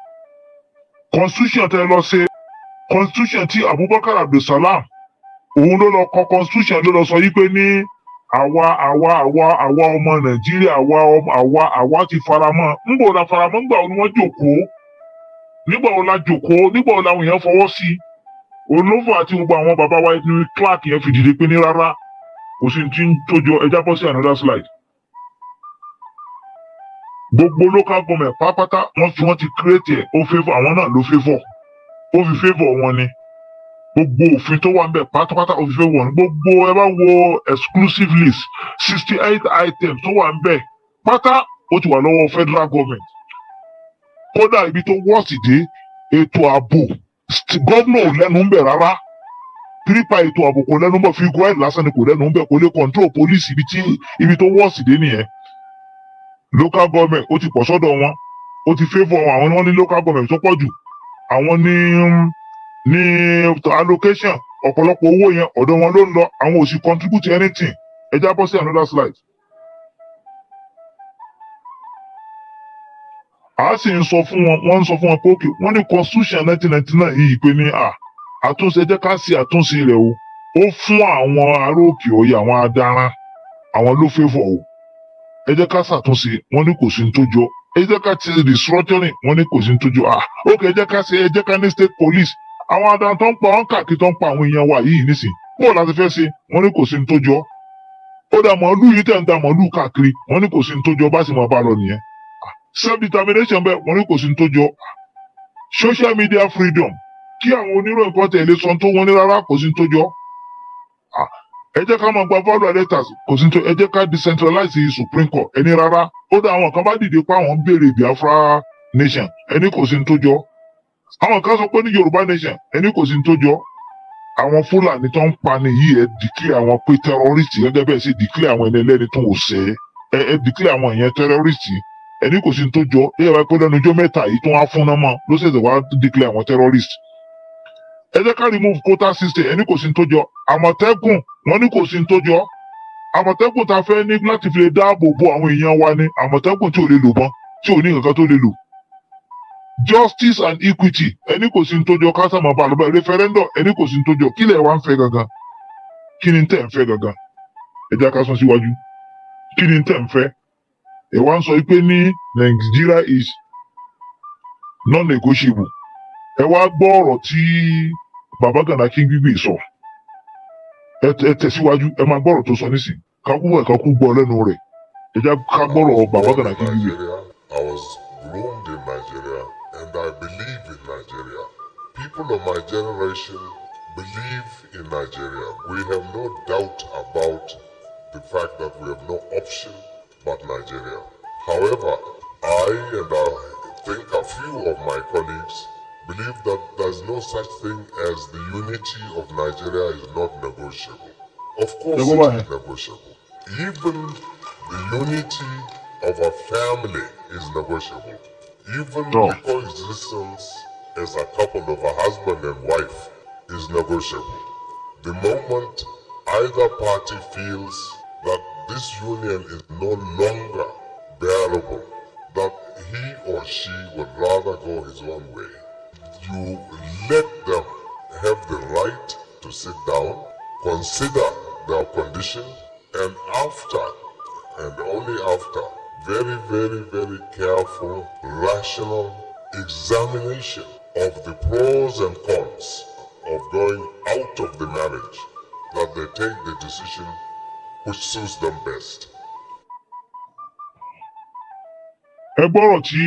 constitution tẹ lọ ṣe constitution ti Abubakar Abdulsalam òun ló lọ kọ constitution ló lọ sọ yí pé ní àwa àwa àwa àwa ọmọ Nàìjíríà àwa àwa àwa ti faramọ́ ńgbà wo la faramọ́ ńgbà wo ni wọ́n jòkóó nígbà wo la jòkóó nígbà wo làwọn èèyàn fọwọ́ sí olófò àti gbogbo àwọn bàbá wa ní Clark yẹn fi dìde pé ní rárá kò sí ti ń tójọ ẹja bọ́ sí another slide gbogbo local government pátápátá wọ́n ti wọ́n ti create ẹ̀ ó favour àwọn náà ló favour ó fi favour wọn ni gbogbo òfin tó wà ń pátápátá ó fi favour wọn ni gbogbo ẹ bá wo exclusive list sixty eight items tó wà ń bẹ̀ pátá ó ti wà lọ́wọ́ federal government kódà ibi tó wọ́ọ̀sì dé ètò ààbò gómìnà ò lẹ́nu ń bẹ̀ rárá pírípa ètò ààbò kò lẹ́nu ń bẹ̀ fi gọ́ẹ̀lì lásán ni kò lẹ́nu ń kò lè control police ibi tó wọ́ọ̀sì dé nìyẹn local government ó ti pọ̀ sọ́dọ̀ wọn ó ti favour wọn àwọn ni wọ́n ní local government tó pọ̀ jù àwọn ní mm, ní allocation ọ̀pọ̀lọpọ̀ owó yẹn ọ̀dọ̀ wọn ló ń lọ àwọn ò sì contribute anything ẹ já bọ́ sí another slide. a sì ń sọ fún wọn wọ́n ń sọ fún wọn pé okay wọ́n ní constitution nineteen ninety nine yìí pé ní à àtúnṣe jẹ́ ká sí àtúnṣe rẹ̀ o ó fún àwọn aróòkè òye àwọn adarán àwọn ló favour o ẹ jẹ́ ká ṣàtúnṣe wọ́n ní kò sí ní tó jọ ẹ jẹ́ ká ti restructuring wọ́n ní kò sí ní tó jọ ah ok ẹ jẹ́ ká ṣe ẹ jẹ́ ká ní state police àwọn adan tó ń pa wọn káàkiri tó ń pa àwọn èèyàn wa yìí nísìn bóò láti fẹ́ ṣe wọ́n ní kò sí ní tó jọ ó dà màálù yìí tẹ̀ ń da màálù káàkiri wọ́n ní kò sí ní tó jọ bá sì máa bá lọ nìyẹn ah, self determination bẹ́ẹ̀ wọ́n ní kò sí ní tó jọ ah, social media freedom kí àwọn oníròyìn kan tẹ̀lé sọ tó wọ́n ní rárá kò sí ní tó jọ ah, ẹ jẹ́ ká máa gba value letters kò sí tó ẹ jẹ́ ká decentralize supreme court ẹni rárá ó dá àwọn kan bá dìde pa àwọn ń béèrè biafra nation ẹni kò sí tó jọ àwọn kan sọ pé ní yorùbá nation ẹni kò sí tó jọ àwọn fúlàní tó ń pani yìí ẹ dìkílẹ̀ àwọn pé terrorist gẹ́gẹ́ bẹ́ẹ̀ sì dìkílẹ̀ àwọn ẹni ẹlẹ́ni tó wò sẹ́ ẹ ẹ dìkílẹ̀ àwọn ìyẹn terrorist ẹni kò sí tó jọ ẹ yàrá pé lẹ́nu ọjọ́ mẹ́ta yìí tó wá fúnná mọ́ ló ṣẹ̀ṣẹ̀ wá dìkílẹ̀ àwọn terrorist ẹ jẹ́ remove quota system ẹni kò sí ní tó jọ àmọ̀tẹ́kùn wọ́n ní kò sí ní tó jọ àmọ̀tẹ́kùn tá a fẹ́ ní láti fi lè dáàbò bo àwọn èèyàn wa ni àmọ̀tẹ́kùn tí ò lè lò bọ́n tí ò ní nǹkan tó lè lò. justice and equity ẹni kò sí ní tó jọ káṣá máa bá a lọ bẹ́ẹ̀ referendum ẹni kò sí ní tó jọ kílẹ̀ wa ń fẹ́ gangan kí ni tẹ̀ ń fẹ́ gangan ẹ jẹ́ ká sọ síwájú kí ni tẹ̀ ń fẹ́ ẹ wá ń sọ pé ní Nigeria is non-negotiable ẹ wá gbọ́ ọ̀rọ̀ tí bàbá Gàní Akíngbígbì sọ ẹ tẹ̀síwájú ẹ máa gbọ́ ọ̀rọ̀ tó sọ nísìn kakú ẹ̀ kakú gbọ́ lẹ́nu rẹ̀ ẹ já ká gbọ́rọ̀ bàbá Gàní Akíngbígbì. I was born in Nigeria and I believe in Nigeria. People of my generation believe in Nigeria. We have no doubt about the fact that we have no option but Nigeria. However, I and I think a few of my colleagues believe that there's no such thing as the unity of Nigeria is not negotiable. Of course no, it is negotiable. Even the unity of a family is negotiable. Even no. the coexistence as a couple of a husband and wife is negotiable. The moment either party feels that this union is no longer bearable, that he or she would rather go his own way, you let them have the right to sit down, consider their condition, and after, and only after, very, very, very careful, rational examination of the pros and cons of going out of the marriage that they take the decision which suits them best. ẹ gbọ́rọ̀ tí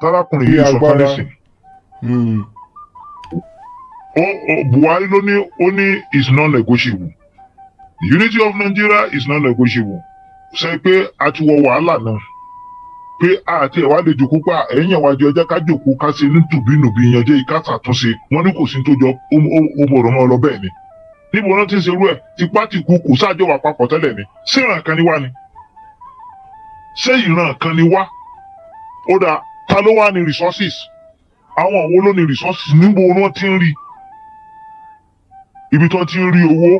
tarakùnrin yìí sọ fún ẹ sìn. Buhari ló ní ó ní is non-negotiable unity of Nigeria is non-negotiable sọ pé a ti wọ wàhálà náà pé àti ẹ̀ wá lè jòkó pa ẹ̀yìn àwọn àjọ ẹja ká jòkó ká ṣe nítùbínùbí yanjẹ́ ìka ṣàtúnṣe wọn ní kò sí tó jọ ó bọ̀rọ̀ mọ́ lọ bẹ́ẹ̀ ni níbo náà ti ń ṣerú ẹ̀ tipá ti kú kò sáàjọ wà papọ̀ tẹ́lẹ̀ ni ṣé ìran kan ni wá ni ṣé ìran kan ni wá ó dà ta ló wá ní resources àwọn wo ló ní resources níbo wọn ti ń rí ibi tí wọ́n ti ń rí owó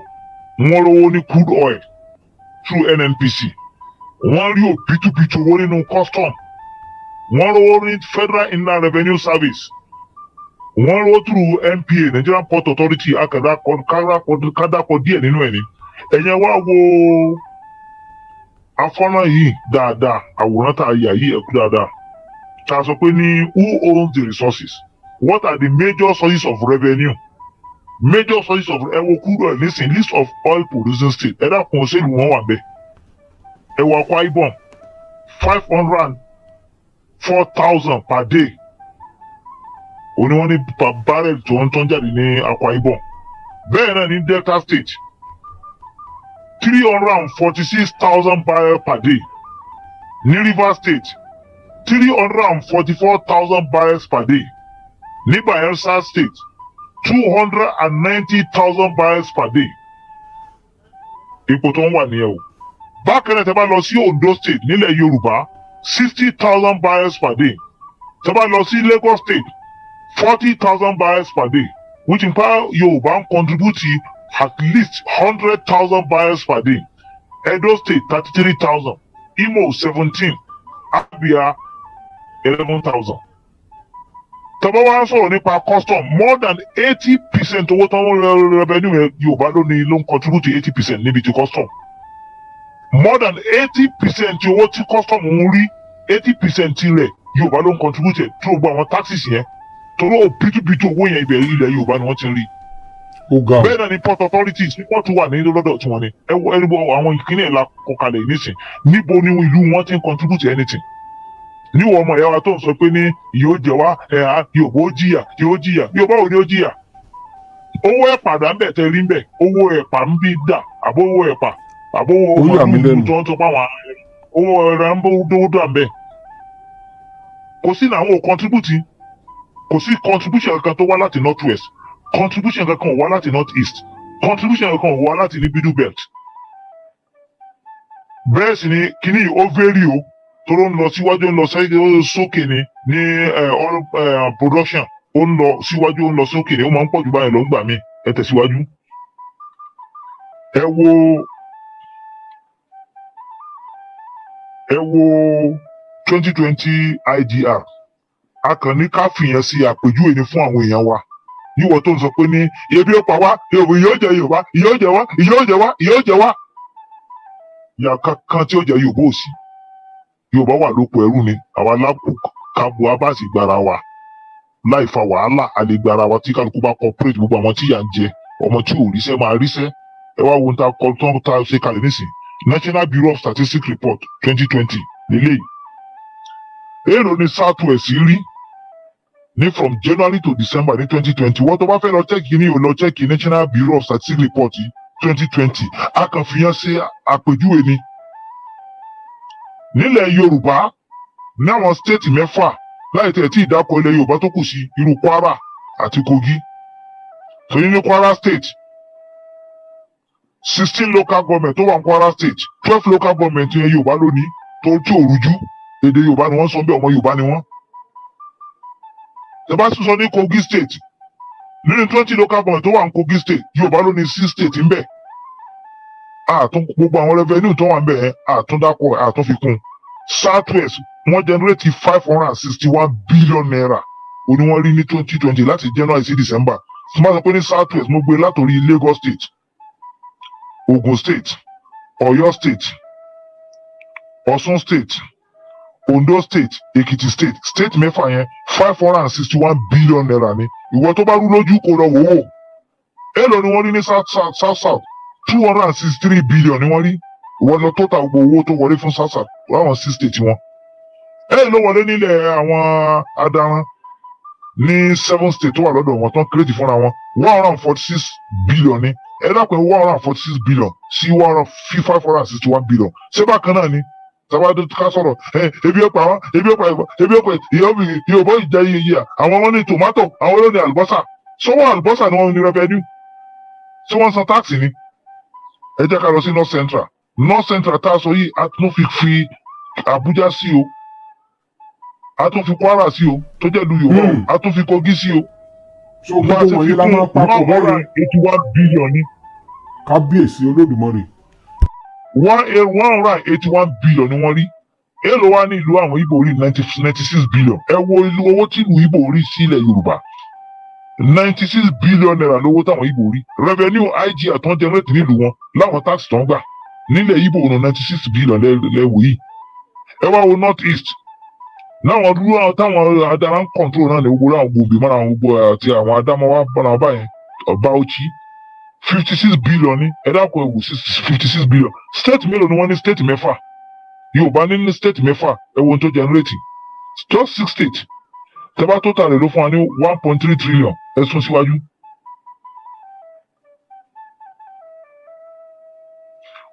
wọ́n rówó ní crude oil through NNPC wọ́n rí òbítúbitú owó nínú custom wọ́n rówó ní Federal Inland Revenue Service wọ́n rówó through NPA Nigerian Port Authority akadakọ díẹ̀ nínú ẹ̀ ní ẹ̀yẹn wá wo afọ́nà yìí dáadáa àwòrán tá a yà yìí ẹ̀kú dáadáa tá a sọ pé ní who owns the resources what are the major sources of revenue major sources of ẹ wo crude oil nísìn list of oil producing states ẹ dákun òṣèlú wọn wà bẹ́ẹ̀ ẹ wo Akwa Ibom five hundred four thousand per day òní wọn barrel tó ń tán jáde ní Akwa Ibom bẹ́ẹ̀ náà ní Delta State three hundred and forty six thousand barrel per day ní Rivers State three hundred and forty four thousand barrels per day ní Bayelsa State. 290,000 barrels per day ipò tó ń wà nìyẹn o bákan náà tẹ́ bá lọ sí Ondo state nílẹ̀ Yorùbá sixty thousand barrels per day tẹ́ lọ sí Lagos state forty thousand barrels per day which implies Yorùbá ń contribute at least hundred thousand barrels per day Edo state thirty three thousand Imo seventeen Abia eleven thousand tọ́ba wá ń sọ̀rọ̀ nípa custom more than eighty percent owó tán wọ́n revenue yẹn Yorùbá ló ní ló ń contribute eighty percent níbi ti custom more than eighty percent owó tí custom ń rí eighty percent rẹ̀ Yorùbá ló ń contribute through gbogbo àwọn taxes yẹn torí o bìtúbìtú owó yẹn ibẹ̀ ilẹ̀ Yorùbá ni wọ́n ti rí bẹ́ẹ̀ náà ni port authorities ní port wà ní lọ́dọ̀ tiwọn ni ẹ wọ àwọn ìpínlẹ̀ la kọkalẹ̀ nísìn níbo ni ìlú wọn ti ń contribute anything níwọ̀n ọmọ ìyá wa tó ń sọ pé ní yóò jẹ wá ẹ̀hán Yorùbá ó jìyà yóò jìyà Yorùbá ò ní ó jìyà owó ẹ̀pà dà ń bẹ̀ tẹ́ rí ń bẹ̀ owó ẹ̀pà ń bí dà àbó owó ẹ̀pà àbó owó ọmọdún tó ń tó páwọn owó ẹ̀rọ ń bó dówó dà ń bẹ̀ kò sí làwọn ò contribute kò sí contribution kankan tó wá láti north west contribution kankan wá láti north east contribution kankan wá láti ní middle belt bẹ́ẹ̀ sì ni kíní ó vary o tóró ń lọ síwájú ń lọ sókè ni ní oil production ó ń lọ síwájú ó ń lọ sókè ni ó máa ń pọ̀ jù báyìí lọ ń gbà mí ẹ tẹ̀síwájú. ẹ wo ẹ wo twenty twenty IDR. a kàn ní ká fìyàn sí àpèjúwe ni fún àwọn èèyàn wa yíwọ tó ń sọ pé ní ebi ó pa wá yóò jẹ yorùbá yóò jẹ wá yóò jẹ wá yóò jẹ wá yàrá kankan tí ó jẹ yorùbá ò sí yorùbá wà lóko ẹrú ni àwa lápò kábo abáàsì gbára wa láì fa wàhálà àlè gbára wa tí kálukú bá cooperate gbogbo àwọn tí yà ń jẹ ọmọ tí ò ríṣẹ́ máa ríṣẹ́ ẹ wá wo ta kọ ta ṣe kalẹ̀ nísìn national bureau of statistics report twenty twenty lélẹ́yìí èrò ni southwest rí ní from january to december ní twenty twenty wọ́n tó bá fẹ́ lọ chẹ́kì ní ìlọ chẹ́kì national bureau of statistics report twenty twenty a kàn fi hàn ṣe àpèjúwe ni nílẹ̀ yorùbá ní àwọn stéètì mẹ́fà láì tẹ̀ tí ìdákọ̀ ilẹ̀ yorùbá tó kù sí irú kwara àti kogi torí ní kwara state sixteen local government tó wà ní kwara state twelve local government yẹn yorùbá lónìí tó tí ò rújú èdè yorùbá ni wọ́n sọ bẹ́ẹ̀ ọmọ yorùbá ni wọ́n. tẹ́bá sísọ ní kogi state nínú twenty local government tó wà ní kogi state yorùbá lónìí six state ń bẹ̀ àtún gbogbo àwọn revenue tó wà ń bẹ̀ yẹn àtún dákọ̀ àtún fi kún southwest wọ́n generate five hundred and sixty one billion naira òní wọ́n rí ní twenty twenty láti january sí december tí wọ́n sọ pé ní southwest mo gbé látòrí lagos state ogun state Oyo state Osun state ondo state Ekiti state state mẹ́fà yẹn five hundred and sixty one billion naira ni ìwọ tó bá rú lójú kó lọ wò ó èlò ni wọ́n rí ní south south south south two hundred and sixty three billion ni wọ́n rí wọ́n lọ tó ta gbogbo owó tó wọlé fún sasa láwọn six state wọn ẹ ló wọlé nílẹ̀ àwọn adaran ní seven state tó wà lọ́dọ̀ wọn tán kírètì fúnra wọn one hundred and forty six billion ni ẹ dápẹ́ one hundred and forty six billion sí one hundred five hundred and sixty one billion ṣé bákan náà ni sábàdé ká sọ̀rọ̀ ebi ọ̀pá wọn ebi ọ̀pá ebi ọ̀pá ìyọ̀bì yorùbá ìjà iye yìí à àwọn wọn ní tòmátò àwọn wọn ní àlùbọ́sà sọ wọn àlùbọ́sà ni wọn ní rẹpẹ́dú tí wọ́n san táàkì ni ẹ jẹ́ ká lọ sí north central north central tá a sọ yìí a tún fi fi Abuja sí o a tún fi Kwara sí o tó jẹ́ lu Yorùbá o hmm. a tún fi Kogi sí o ṣùgbọ́n a ti fi kún eh, one hundred and eighty one billion ní. kábíyèsí Olódùmarè. one one hundred and eighty one billion ni wọ́n rí èèlò wa ní ìlú àwọn Ìgbò rí ninety six billion ẹ wo ìlú owó tí ìlú Ìgbò rí sílẹ̀ Yorùbá ninety six billion naira lówó táwọn ibo rí revenue IG tó ń generate nílùú wọn láwọn tax tó ń gbà nílẹ̀ ibo ọ̀nà ninety six billion lẹ́wù yìí ẹ wá wo north east láwọn dúró àwọn táwọn adára ń control náà ní gbogbo láwọn gbòòbí mọ́ra àwọn gbogbo àti àwọn adámọ́wá mọ́ra báyẹn Bauchi fifty six billion ní ẹ dákun ẹ̀wù fifty six billion state mélòó ni wọ́n ní state mẹ́fà Yorùbá ní ní state mẹ́fà ẹ̀wọ̀n tó generate just six states tẹ́bá tó tà lè ló fún wa ní one point three trillion ẹ sún síwájú.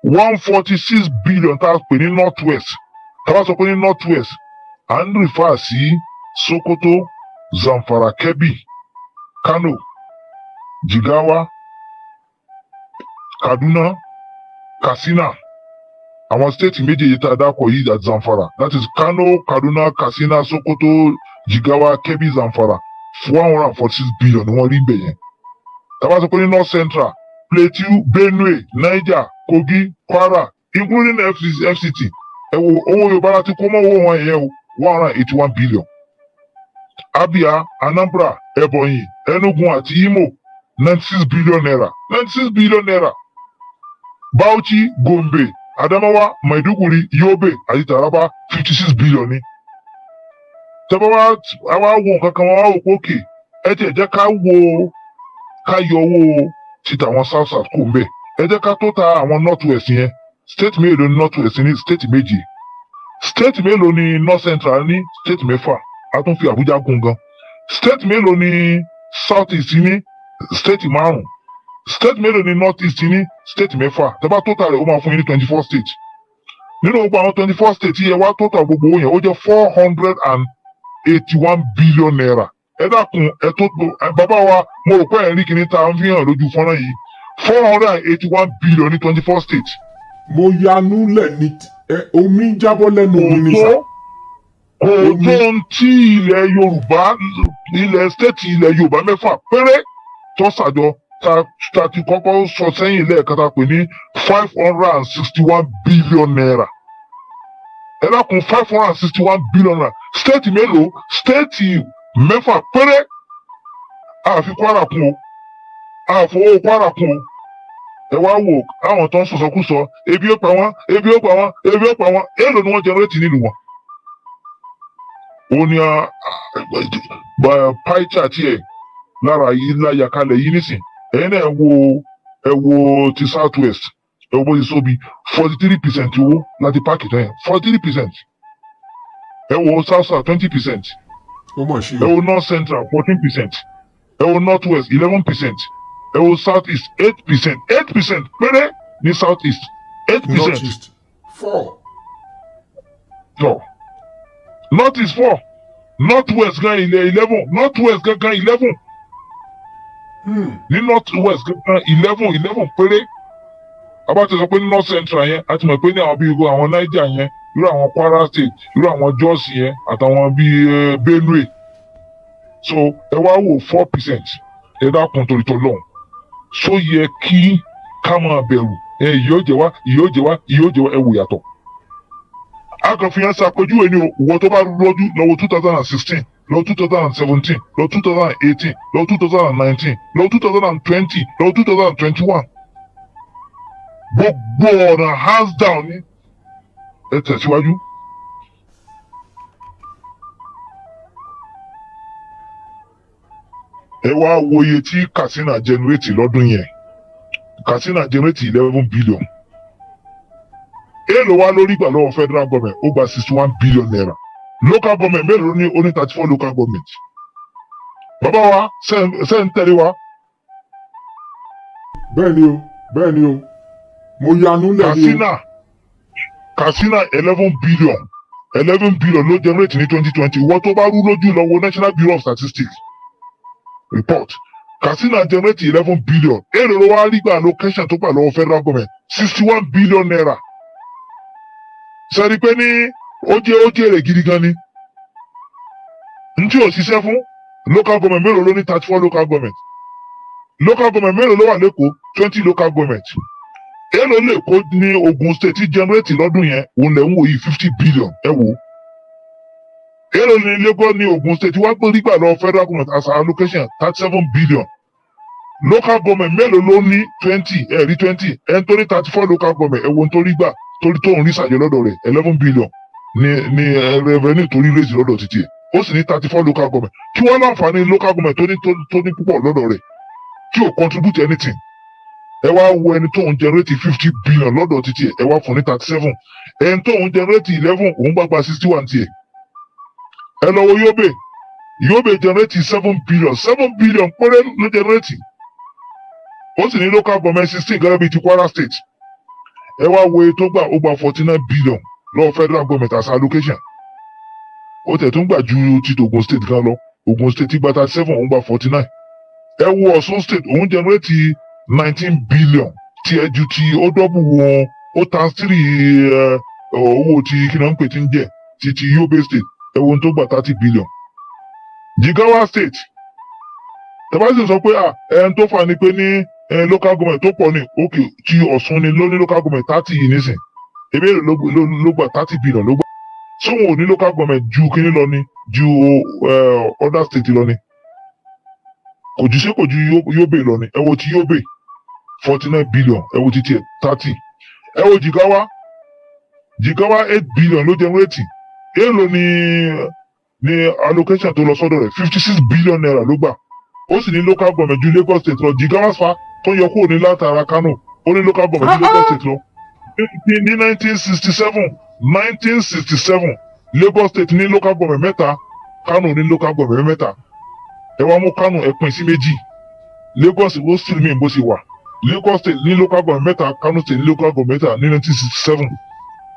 one forty six billion tá a pè ní north west tá a sọ pé ní north west ń rìfà sí Sokoto Zamfara Kebbi Kano Jigawa Kaduna Katsina àwọn stéètì méjèèjì tá a dákọ̀ yìí àti Zamfara that is Kano Kaduna Katsina Sokoto Jigawa Kebbi Zamfara one hundred and forty six billion ni wọ́n rí bẹ̀ yẹn tàbá sọ north central plateau benue niger kogi kwara including fct ẹ wo owó yorùbá láti kó mọ́ owó wọn yẹn o one hundred and eighty one billion abia anambra ebonyi enugu àti imo ninety six billion naira ninety six billion naira bauchi gombe adamawa maiduguri yobe àti taraba fifty six billion ni tọ́ba wa wá wo nǹkan kan wá wò pókè ẹ tiẹ̀ jẹ́ ká wo ká yọ owó ti tàwọn south south kò ń bẹ̀ ẹ ká tó ta àwọn north west yẹn state mélòó ni north west ní state méjì state mélòó ni north central ní state mẹ́fà a tún fi Àbújá gun gan state mélòó ni south east ní state márùn state mélòó ni north east ní state mẹ́fà tọ́ba tó ta rẹ̀ ó máa fún yín ní twenty four state nínú gbogbo àwọn twenty four state yẹ wá tó ta gbogbo yẹn ó jẹ́ four hundred and 81 billion naira ẹ dákun ẹ tó bàbá wa mo rò pé ẹ̀ ń rí kinní ta ń fi hàn lójú fọ́nrán yìí four and eighty billion ní 24 states. mo yanú lẹ̀ ni, omi ń jábọ́ lẹ́nu mi sa. sá. kò tó ń tí ilẹ̀ yorùbá ilẹ̀ stéètì ilẹ̀ yorùbá mẹ́fà péré tó ṣàjọ ta ti kọ́kọ́ sọ sẹ́yìn lẹ́ẹ̀kan ta pè ní five billion naira ẹ dákun five billion naira stéètì mélòó stéètì mẹ́fà péré àfi Kwara kún o àfọwọ́ Kwara kún o ẹ wá wò àwọn tó ń sọsọkúsọ ebi ó pa wọn ebi ó pa wọn ebi ó pa wọn èèlò ni wọ́n jẹnẹrétì nílùú wọn. ó ní pàìtà tiẹ̀ lára yìí láyà kalẹ̀ yìí nísìn ẹ̀yin náà ẹ wo ẹ wo ti south west ẹ wo bó ti sóbi forty three percent owó láti páàkì tó yẹn forty three percent ẹ wo south twenty percent ẹ wo north central fourteen percent ẹ wo north west eleven percent ẹ wo south east eight percent eight percent péré ní south east eight percent. four. tọ north east four north west gan eleven north west gan gan eleven hmm. ní north west gan eleven eleven péré abá ti sọ pé ní north central yẹn a ti mọ̀ pé ní àwọn bíi irú àwọn niger yẹn irú àwọn Kwara State irú àwọn Jos yẹn àtàwọn bíi Benue so ẹ wá wò four percent ẹ dákun torí t'Ọlọ́run so yẹ kí ká máa bẹ̀rù ẹ yóò jẹ wá yóò jẹ wá yóò jẹ wá ẹ wò yàtọ̀ akànfihàn ṣàpèjúwe ni ìwọ tó bá lọ́jú lọ́wọ́ two thousand and sixteen lọ two thousand and seventeen lọ two thousand and eighteen lọ two thousand and nineteen lọ two thousand and twenty lọ two thousand and twenty one gbogbo ọ̀nà hands down ni ẹ tẹ̀síwájú. ẹ wá wo iye tí Katsina generate lọ́dún yẹn Katsina generate eleven billion èèlò wa lórí gbà lọ́wọ́ federal government ó gba sixty one billion naira local government mélòó ní oní thirty four local government bàbá wa ṣe ń tẹ̀lé wa. bẹ́ẹ̀ ni o bẹ́ẹ̀ ni o mo yanu lẹ́yìn. Katsina katsina eleven billion eleven billion ló generate ní twenty twenty ìwọ tó bá rú lójú lọ wo national bureau of statistics report katsina generate eleven billion èrè ló wá rí gba location tó gbà lọ́wọ́ federal government sixty one billion naira sẹ́ni pé ní ó jẹ́ ó jẹ́ èrè gidi gan ni n tí ò ṣiṣẹ́ fún local government mélòó ló ní thirty four local government local government mélòó ló wà lẹ́kọ̀ọ́ twenty local government kẹ́lẹ́ lè kó ní Ogun State generate lọ́dún yẹn òun lẹ̀ ń wòye fifty billion ẹ wò kẹ́lẹ́ ní Lagos ní Ogun State wá gbórí gbà lọ federal government as allocation thirty seven billion local government mélòó ló ní twenty ẹ rí twenty ẹ ń torí thirty four local government ẹ wo ń torí gbà torí tóun rí sàjẹ́ lọ́dọ̀ rẹ̀ eleven billion ni ni revenue torí raise lọ́dọ̀ títí ẹ̀ ó sì ní thirty four local government kí wọ́n láǹfààní local government tó ní tó ní púpọ̀ lọ́dọ̀ rẹ̀ tí ò contribute anything ẹ wá wo ẹni tó ń jẹrẹtì fifty billion lọ́dọ̀ títí ẹ wá fún ní thirty seven ẹni tó ń jẹrẹtì eleven òun gbàgbà sixty one tiẹ̀ ẹ lọ wo Yobe jẹrẹtì seven billion seven billion péré ló jẹrẹtì ó sì ní local government sixteen gẹ́gẹ́ bíi ti Kwara state ẹ wá wo ètò gbà ó gba forty nine billion lọ́wọ́ federal government as allocation ó tẹ̀ tún gbà ju ti Ogun state gan lọ Ogun state ti gba thirty seven òun gba forty nine ẹ wo Ọ̀ṣun state òun jẹrẹtì nineteen billion ti ẹ ju ti ó dọ́bù wọn ó times three owó ti kí náà ń pè tí ń jẹ ti ti Yobe state ẹ tó gbà thirty billion. Jigawa state tabasi sọ pé ẹni tó fà ni pé ní local government tó pọ̀ ní òkè ti Ọ̀ṣun ni ló ní local government thirty yìí nísìn èmi èrò ló gbà thirty billion ló gbà tí wọn ò ní local government ju kíní lọ ni ju other state lọ ni kò jù sí kò ju Yobe lọ ni ẹ wo ti Yobe forty nine billion ẹ wo títí ẹ thirty Jigawa Jigawa eight billion ló jẹnrétì èèlò ni ni allocation tó lọ sọ́dọ̀ rẹ̀ fifty six billion naira ló gbà ó sì ní local government ju Lagos state lọ Jigawa fa tó yọ kúrò ní látara Kano ó ní local government ju Lagos state lọ ní nineteen sixty seven nineteen sixty seven Lagos state ní local government mẹ́ta Kano ní local government mẹ́ta ẹ wá mú Kano ẹ pín sí méjì Lagos wo still mean bó ṣe wà Lagos State ní local government mẹ́ta Kano State ní local government mẹ́ta ní nineteen sixty seven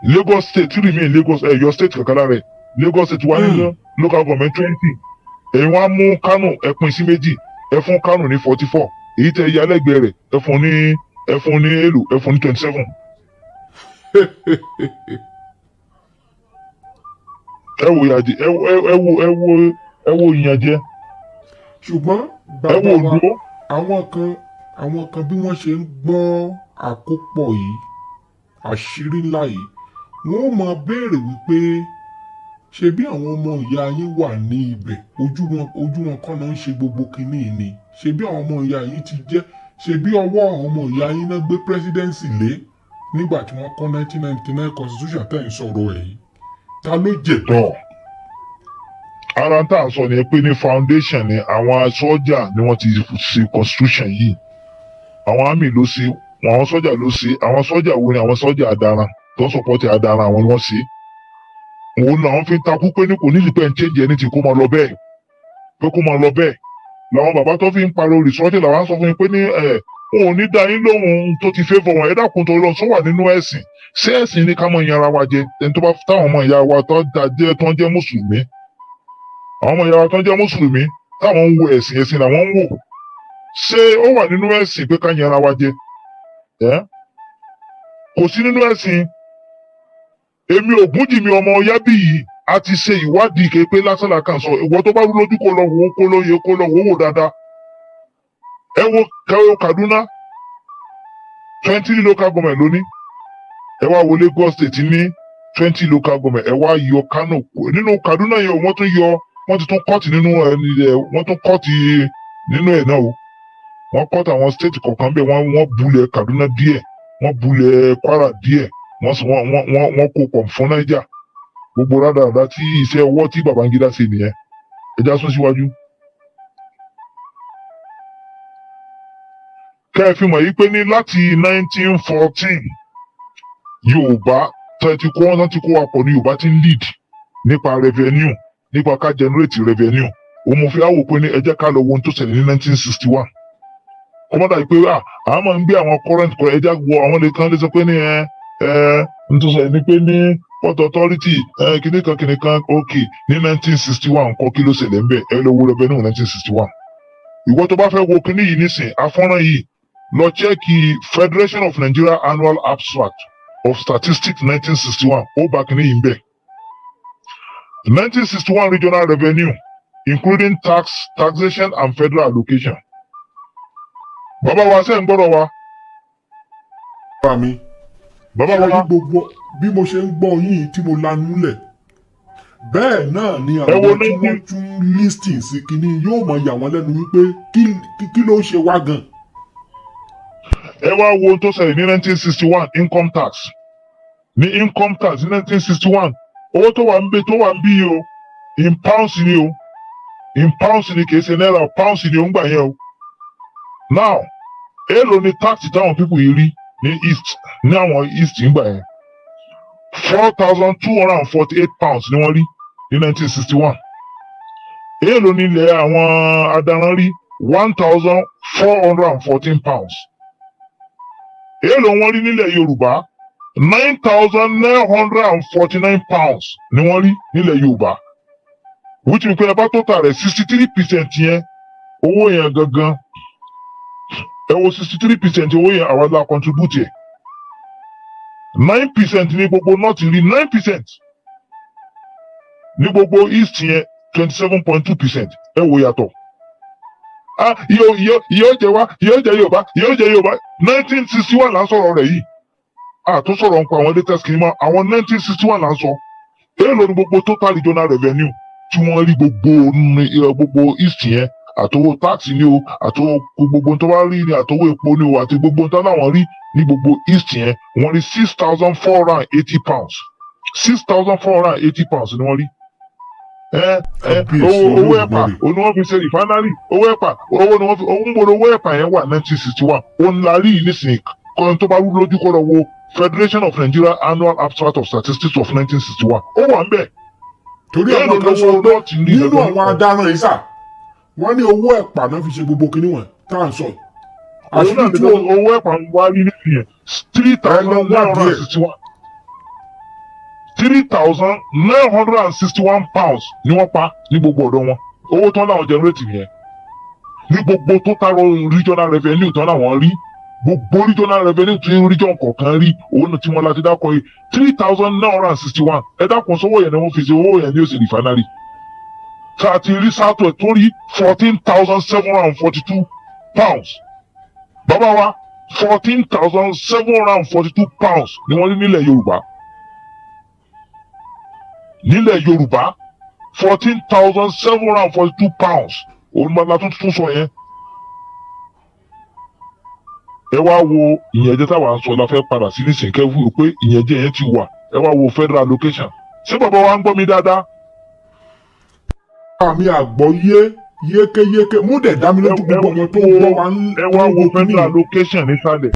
Lagos State tí rìmí Lagos Ẹ̀yọ́ eh, State kàkàlà rẹ̀ Lagos State wà nínú hmm. local government twenty ẹ̀yin wá mú Kano ẹ pín sí méjì ẹ fún Kano ní forty four èyí tẹ yí alẹ́gbẹ̀ẹ́ rẹ̀ ẹ fún ní ẹ fún ní èlò ẹ fún ní twenty seven. ẹ wo ìyàjẹ ẹ wo ẹ wo ẹ wo ẹ wo ìyànjẹ. ṣùgbọ́n bàbá wa àwọn kan àwọn kan bí wọ́n ṣe ń gbọ́ àkópọ̀ yìí àṣírí ńlá yìí wọ́n máa béèrè wípé ṣe bí àwọn ọmọ ìyá yín wà ní ibẹ̀ ojú wọn ojú wọn kọ́ náà ń ṣe gbogbo kinní ni ṣe bí àwọn ọmọ ìyá yín ti jẹ́ ṣe bí ọwọ́ àwọn ọmọ ìyá yín náà gbé presidency lé nígbà tí wọ́n kọ́ 1999 constitution tẹ̀ ń sọ̀rọ̀ ẹ̀ yìí ta ló jẹ̀tàn ara tá à sọ ni pé ní foundation ni àwọn sọ́jà ni wọ́n ti ṣe constitution yìí àwọn àmì ló ṣe àwọn sọ́jà ló ṣe àwọn sọ́jà wo ni àwọn sọ́jà adaran tó sọpọ́tì adaran àwọn ni wọ́n ṣe òun làwọn fi ń takú pé ní kò ní ìdìpẹ́ ń change ẹni tí kó máa lọ bẹ́ẹ̀ pé kó máa lọ bẹ́ẹ̀ làwọn bàbá tó fi ń pariwo rìsọ́ọ̀tì làwọn sọ fún mi pé ní ẹ̀ òun ò ní da yín lóhun tó ti fẹ́ fọ wọn ẹ dákun tó lọ sọ wà nínú ẹ̀sìn ṣé ẹ̀sìn ni ká mọ ìyára wa jẹ ẹni tó bá táwọn ọmọ ìyá wa tó da jẹ́ tó ń jẹ́ mùsùlùmí àwọn ọmọ ìyá wa tó ń jẹ́ mùsùlùmí táwọn ń wo ẹ̀sìn ẹ̀sìn làwọn ń wò ṣé ó wà nínú ẹ̀sìn pé ká ara wa jẹ kò sí nínú ẹ̀sìn èmi Ògúnjìmí ọmọ Yábì yìí a ti ṣe ìwádìí képe lásán sọ ìwọ tó bá rú lójú kó lọ wò kó lọ yẹ kó lọ wò dáadáa ẹ wo kẹwọ Kaduna twenty local government lónìí ẹ wá Lagos state ní twenty local government ẹ wá yọ Kano nínú Kaduna yẹn wọ́n tún yọ wọ́n ti tún kọ́ọ̀tì nínú ẹ tún nínú ẹ wọ́n kọ́ tàwọn stéètì kọ̀ọ̀kan bẹ́ẹ̀ wọ́n wọ́n bulẹ̀ Kaduna díẹ̀ wọ́n bulẹ̀ Kwara díẹ̀ wọ́n sọ wọ́n wọ́n wọ́n kó pọ̀ fún Naija gbogbo rádaràda tí iṣẹ́ ọwọ́ tí Babangida ṣe nìyẹn ẹja sún síwájú. kẹ́ẹ̀fì mọ̀ yìí pé ní láti 1914 Yorùbá tẹ́tí kó wọ́n ti kó wa pọ̀ ní Yorùbá ti ń lead nípa revenue nípa ká generate revenue òun mo fi á wò pé ní ẹ jẹ́ ká lọ wo ohun tó ṣẹlẹ̀ ní 1961 kó má dàbí pé àwọn ah, máa ń gbé àwọn current kọ ẹja wọ àwọn lè kan lè sọ pé ní ẹ eh, ẹ eh, n tó sọ ẹ ní pé ní port authority ẹ eh, kìnnì kan kìnnì kan ok ní nineteen sixty one kọ́ kí ló ṣẹlẹ̀ ń bẹ̀ ẹ lọ wo lọ́bẹ̀ ní nineteen sixty one ìwọ tó bá fẹ́ wo kínní yìí nísìn afọ́nrán yìí lọ chẹ́ẹ̀kì federation of nigeria annual abstract of statistics nineteen sixty one ó bá kínní yìí ń bẹ̀ nineteen sixty one regional revenue including tax taxation and federal allocation bàbá wa ṣe ń gbọ́dọ̀ wa. bàbá mi bàbá wa ní gbogbo bí mo ṣe ń gbọ́ yín tí mo lanúlẹ̀ bẹ́ẹ̀ náà ni àwọn tí wọ́n tún listing sí kínní yóò mọ yà wọ́n lẹ́nu wípé kí ló ń ṣe wá gan. ẹ wá wo ohun tó ṣẹlẹ̀ ní 1961 income tax ní income tax ní 1961 owó tó wà ń bẹ tó wà ń bí o in pounds ni o in pounds ni kì í ṣe náírà pounds ni ó ń gbà yẹn o now èèlò ni tax táwọn pípù yìí rí ní east ní àwọn east nígbà yẹn four thousand two hundred and forty eight pounds ni wọ́n rí ní nineteen sixty one èèlò ni ilẹ̀ àwọn adaran rí one thousand four hundred and fourteen pounds èèlò wọ́n rí nílẹ̀ Yorùbá nine thousand nine hundred and forty nine pounds ni wọ́n rí nílẹ̀ Yorùbá which means pé ẹ bá tó tà rẹ̀ sixty three percent yẹn owó yẹn gangan ẹ̀wọ̀ sixty three percent owó yẹn àwa la contribute nine percent ní gbogbo north rí nine percent ní gbogbo east yẹn twenty seven point two percent ẹ̀wọ̀ yàtọ̀ ah yóò yóò yóò jẹ wá yóò jẹ yorùbá yóò jẹ yorùbá nineteen sixty one là ń sọ̀rọ̀ rẹ̀ yìí àtúnsọ̀rọ̀ ń pa àwọn latest kìíní mọ́ àwọn nineteen sixty one là ń sọ èèlò ní gbogbo total regional revenue tí wọ́n rí gbogbo gbogbo east yẹn àtowó táàtì ni o àtowó gbogbo tó bá rí ni àtowó epo ni o àti gbogbo tó náà wọ́n rí ní gbogbo east yẹn wọ́n rí six thousand four hundred and eighty pounds six thousand four hundred and eighty pounds ni wọ́n rí owó owó ẹ̀pà òun ni wọ́n fi ṣe rìfánárì owó ẹ̀pà owó ni wọ́n fi owó ń bolo owó ẹ̀pà yẹn wà nineteen sixty one òun la rí nísìnyí kan tó bá rú lójú kọ́ lọ Federation of Nigeria Annual Abstract of Statistics of nineteen sixty one ó wà ń bẹ̀. torí àwọn kan sọ pé nínú àwọn adarun yìí sà wọ́n ní owó ẹ̀pà náà fi ṣe gbogbo kinní wọn tá à ń sọ. àṣírí tí owó ẹ̀pà ń wá nílé yẹn three thousand nine hundred and sixty one three thousand nine hundred and sixty one pounds ni wọ́n pa ní gbogbo ọ̀dọ̀ wọn owó tán láwọn jẹnrétì yẹn ní gbogbo total regional revenue tán láwọn rí gbogbo regional revenue tí region kọ̀ọ̀kan rí owó náà tí wọ́n láti dákọ̀ yìí three thousand nine hundred and sixty one ẹ̀dá kan sọ́wọ́ yẹn ni wọ́n fi ṣe owó yẹn ní òsì rìfánárì tá a ti rí sátọ̀ tó rí fourteen thousand seven hundred forty two pounds Baba wa fourteen thousand seven hundred forty two pounds ni wọ́n rí nílẹ̀ Yorùbá nílẹ̀ Yorùbá fourteen thousand seven hundred forty two pounds olùmọ̀lá tó tún sọ yẹn ẹ wá wo ìyẹ̀jẹ̀ táwa ń la fẹ́ padà sí nísìnyí kẹ́ wúro pé ìyẹ̀jẹ̀ yẹn ti wà ẹ wá wo federal allocation ṣé bàbá wa ń gbọ́ mi dáadáa àmì àgbọ́yé yékéyéké mú dẹ̀ dá mi lójú gbogbo ọmọ tó ń bọ̀ wá ń ẹ wá wo federal allocation nísàlẹ̀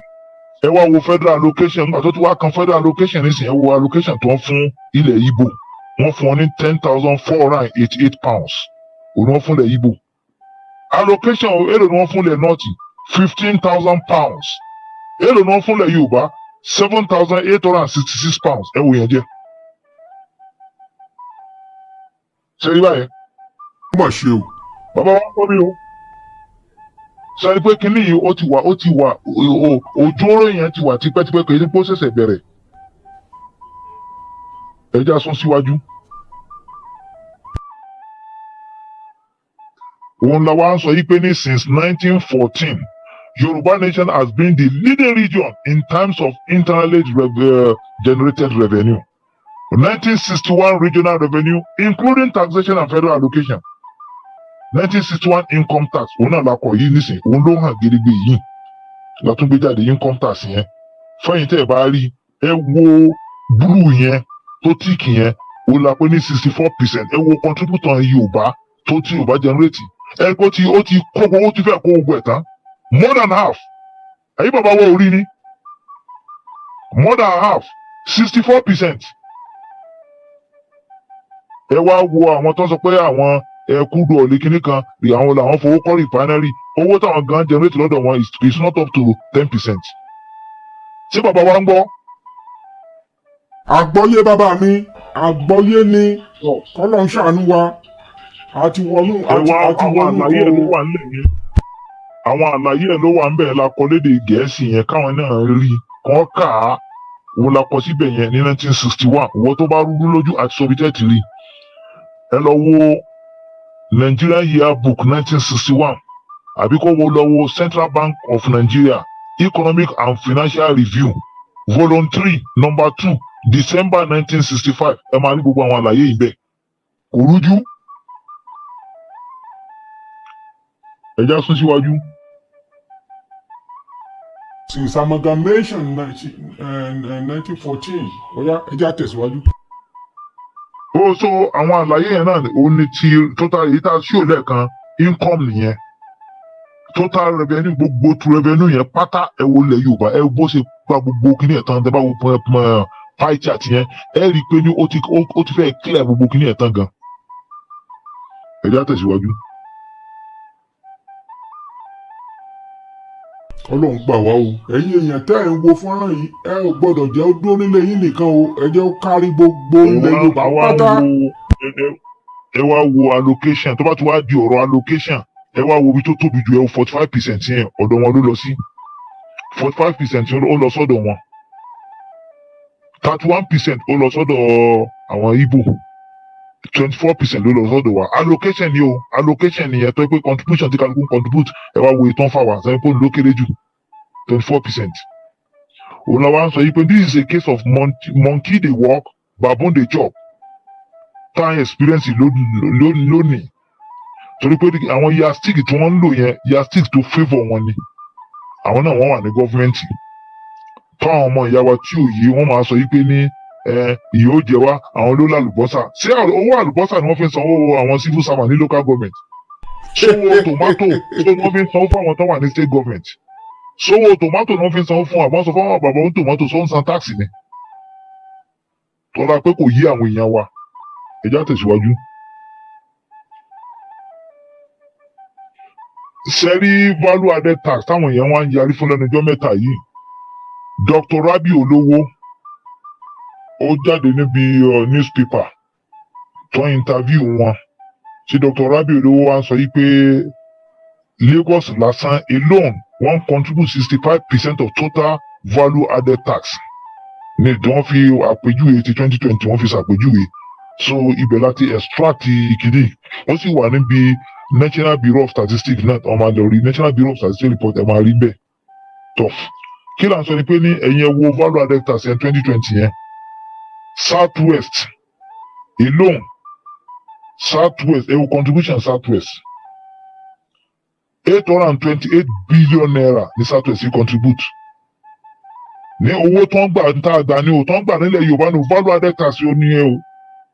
ẹ wá wo federal allocation nígbà tó ti wá kan federal allocation nísìnyẹ wo allocation tó ń fún ilẹ̀ Ìgbò wọ́n fún ọ ní ten thousand four hundred and eighty eight pounds òun wọ́n fúnlẹ̀ Ìgbò allocation èrò ni wọ́n fúnlẹ̀ nọ́ọ̀tì fifteen thousand pounds èrò ni wọ́n fúnlẹ̀ Yorùbá seven thousand eight hundred and sixty six pounds ẹ wò yẹn jẹ́ ṣe rí báyẹn ó mà ṣe o bàbá wa kọ́ mi o sọ pé kínní yìí ó ti wà ó ti wà ojú oró yẹn ti wà tipẹ́tipẹ́ kò ní kó ṣẹ̀ṣẹ̀ bẹ̀rẹ̀ ẹja sún síwájú. òun la wá ń sọ yìí pé ní since 1914 Yorùbá nation has been the leading region in terms of internally uh, generated revenue. 1961 regional revenue including taxation and federal allocation nineteen sixty one income tax òun náà la kọ yìí nísìnyí òun ló hàn gerigbe yìí la tún gbé jáde income tax yẹn fẹ́yìn tẹ́ ẹ̀ bá rí ẹ wo blue yẹn tó tíìkì yẹn òun la pé ní sixty four percent ẹ wo contributor Yorùbá tó ti Yorùbá generate ẹ kó ti ó ti kó gbogbo ó ti fẹ́ kó gbogbo ẹ̀ tán more than half ẹ̀yin bàbá wọ orí ni more than half sixty four percent ẹ wá wo àwọn tó ń sọ pé àwọn ẹkún dọ̀ọ̀lì kínní kan àwọn làwọn fowó kọ́ rìfánẹ́rì owó táwọn gan generate lọ́dọ̀ wọn is not up to ten percent. ṣé bàbá wa ń gbọ́. àgbọ́yé bàbá mi àgbọ́yé ni kọ́lọ̀ ń ṣàánú wa àti wọnú àti wọnú gbòòrò. àwọn àlàyé ẹ̀ ló wà ń bẹ̀ la kọ lédè gẹ̀ẹ́sì yẹn káwọn náà rí kàn kà á wọ́n la kọ síbẹ̀ yẹn ní nineteen sixty one wọ́n tó bá rúdú lójú àti sọ́bítẹ́ẹ̀tì rí ẹ lọ wo Nigerian Yearbook 1961, Abiko wo Central Bank of Nigeria Economic and Financial Review, Volume Three, Number Two, December 1965, ẹ máa rí gbogbo àwọn àlàyé yìí bẹ́ẹ̀. Kò rújú. Ẹja sún síwájú. Since amalgamation 1914, ọ̀yá ẹja tẹ̀síwájú ó oh, so àwọn àlàyé yẹn náà ó ní ti total èyí tá a ṣó lẹ́ẹ̀kan income nìyẹn total revenue gbogbo tu revenue yẹn pátá ẹ wo lẹ Yorùbá ẹ bó ṣe gba gbogbo kíní ẹ̀ tán tẹ bá wo pọn pie chart yẹn ẹ rí i pé ní ó ti fẹ́ clear gbogbo kíní ẹ̀ tán gan. ẹ já tẹ̀síwájú. ọlọ́run gbà wá o ẹ̀yin èèyàn tẹ́ ẹ̀ ń wo fọ́nrán yìí ẹ ò gbọ́dọ̀ jẹ́ ó dúró nílé yín nìkan o ẹ jẹ́ ó kárí gbogbo ilẹ̀ Yorùbá pátá. ẹ wá wo allocation tó bá ti wá di ọ̀rọ̀ allocation ẹ wá wo ibi tó tóbi jù ẹ o forty five percent yẹn ọ̀dọ̀ wọn ló lọ sí forty five percent ó lọ sọ́dọ̀ wọn thirty one percent ó lọ sọ́dọ̀ àwọn Igbo twenty four percent ló lọ sọ́dọ̀ wa allocation ni o allocation ni ẹ̀tọ́ pé contribution ti kálukú contribute ẹ wá wo ìtàn fáwa sẹ́yìn pé ló kéré jù twenty four percent. òun la wá ń sọ yìí pé this is a case of monkey, monkey dey work baboon dey chop time experience lónìí torí pé àwọn yastik tí wọ́n ń lò yẹn yastik tó favour wọn ni àwọn náà wọ́n wà ní gọ́fíńmẹ́ǹtì táwọn ọmọ ìyá wa tí ò yé wọ́n máa sọ yìí pé ní Eh, ìyà ó jẹ wá àwọn ló lálùbọ́sà ṣé owó àlùbọ́sà ni wọ́n fi ń sanwó àwọn civil servant ní local government ṣówó tòmátò ṣé wọ́n fi ń sanwó fún àwọn tó wà ní state government ṣówó tòmátò ni wọ́n fi ń sanwó fún àbọ̀nsọ fún àwọn bàbá tòmátò sọ ń san táàsì ni tọ́lá pé kò yí àwọn èèyàn wa ẹjá tẹ̀síwájú. sẹ́rí value added tax táwọn èèyàn wá ń yarí fún lẹ́nu ọjọ́ mẹ́ta yìí Dr. Rabi olówó ó jáde níbi uh, newspaper tó ń interview wọn ṣé Dr. Rabiu Odowo wa sọ yìí pé Lagos lásán alone one contribute sixty five percent of total value added tax ní wọ́n fi àpèjúwe ti twenty twenty wọ́n fi ṣàpèjúwe so ibẹ̀ láti extract ìkíní wọ́n sì wà níbi National Bureau of Statistics náà ọmọ àlọ́rí National Bureau of Statistics report ẹ̀ máa rí bẹ́ẹ̀ tọ́ kí là ń sọ ni pé ní ẹ̀yin wo value added tax yẹn twenty twenty yẹn Southwest alone, Southwest, a contribution Southwest. 828 billion naira ní Southwest yìí contribute. Ní owó tó ń gbà ń ta àgbà ni o, tó ń gbà nílẹ̀ Yorùbá ni o, value added tax yóò ní ẹ o,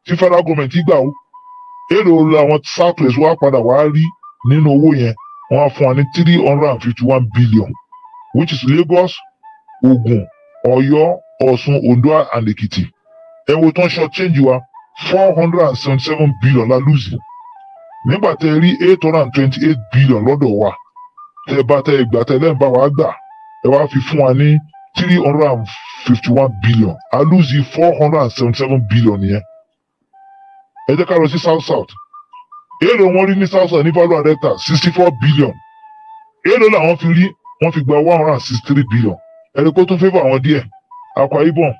tí federal government gbà o. Èrò làwọn Southwest wá padà wá rí nínú owó yẹn, wọ́n á fún wa ní three billion which is Lagos, Ogun, Oyo, Osun, Ondo and Ekiti ẹ wo tán short change wa four hundred and seventy seven billion la lose nígbà tẹ rí eight hundred and twenty eight billion lọ́dọ̀ wa tẹ bá tẹ ìgbà tẹ lẹ́yìn bá wa gbà ẹ wá fi fún wa ní three hundred and fifty one billion a lose four hundred and seventy seven billion yẹn ẹ jẹ́ ká lọ sí south south èèlò wọn rí ní south south ní value add hectare sixty four billion èèlò làwọn fi rí wọn fi gba one hundred and sixty three billion ẹ̀rí kó tún favour àwọn díẹ̀ Akwa Ibom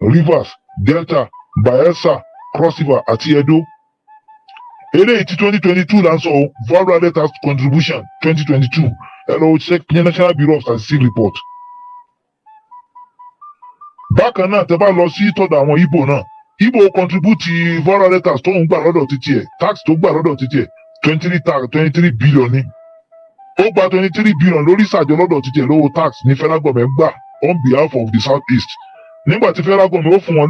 Rivers delta bayelsa cross river àti edo eléyìí ti twenty twenty two là ń sọ contribution twenty twenty two ẹ lọ check ní national bureau of statistics report. bákan náà tẹ bá lọ sí tọ̀dọ̀ àwọn ibo náà ibo contribute value added tax tó ń gbà lọ́dọ̀ títí ẹ̀ tax tó gbà lọ́dọ̀ títí ẹ̀ twenty three tax twenty three billion ni ó gba twenty three billion lórí ìsàjọ lọ́dọ̀ títí ẹ̀ lówó tax ní federal government gbà on behalf of the south east nígbà tí federal government ó fún wọn.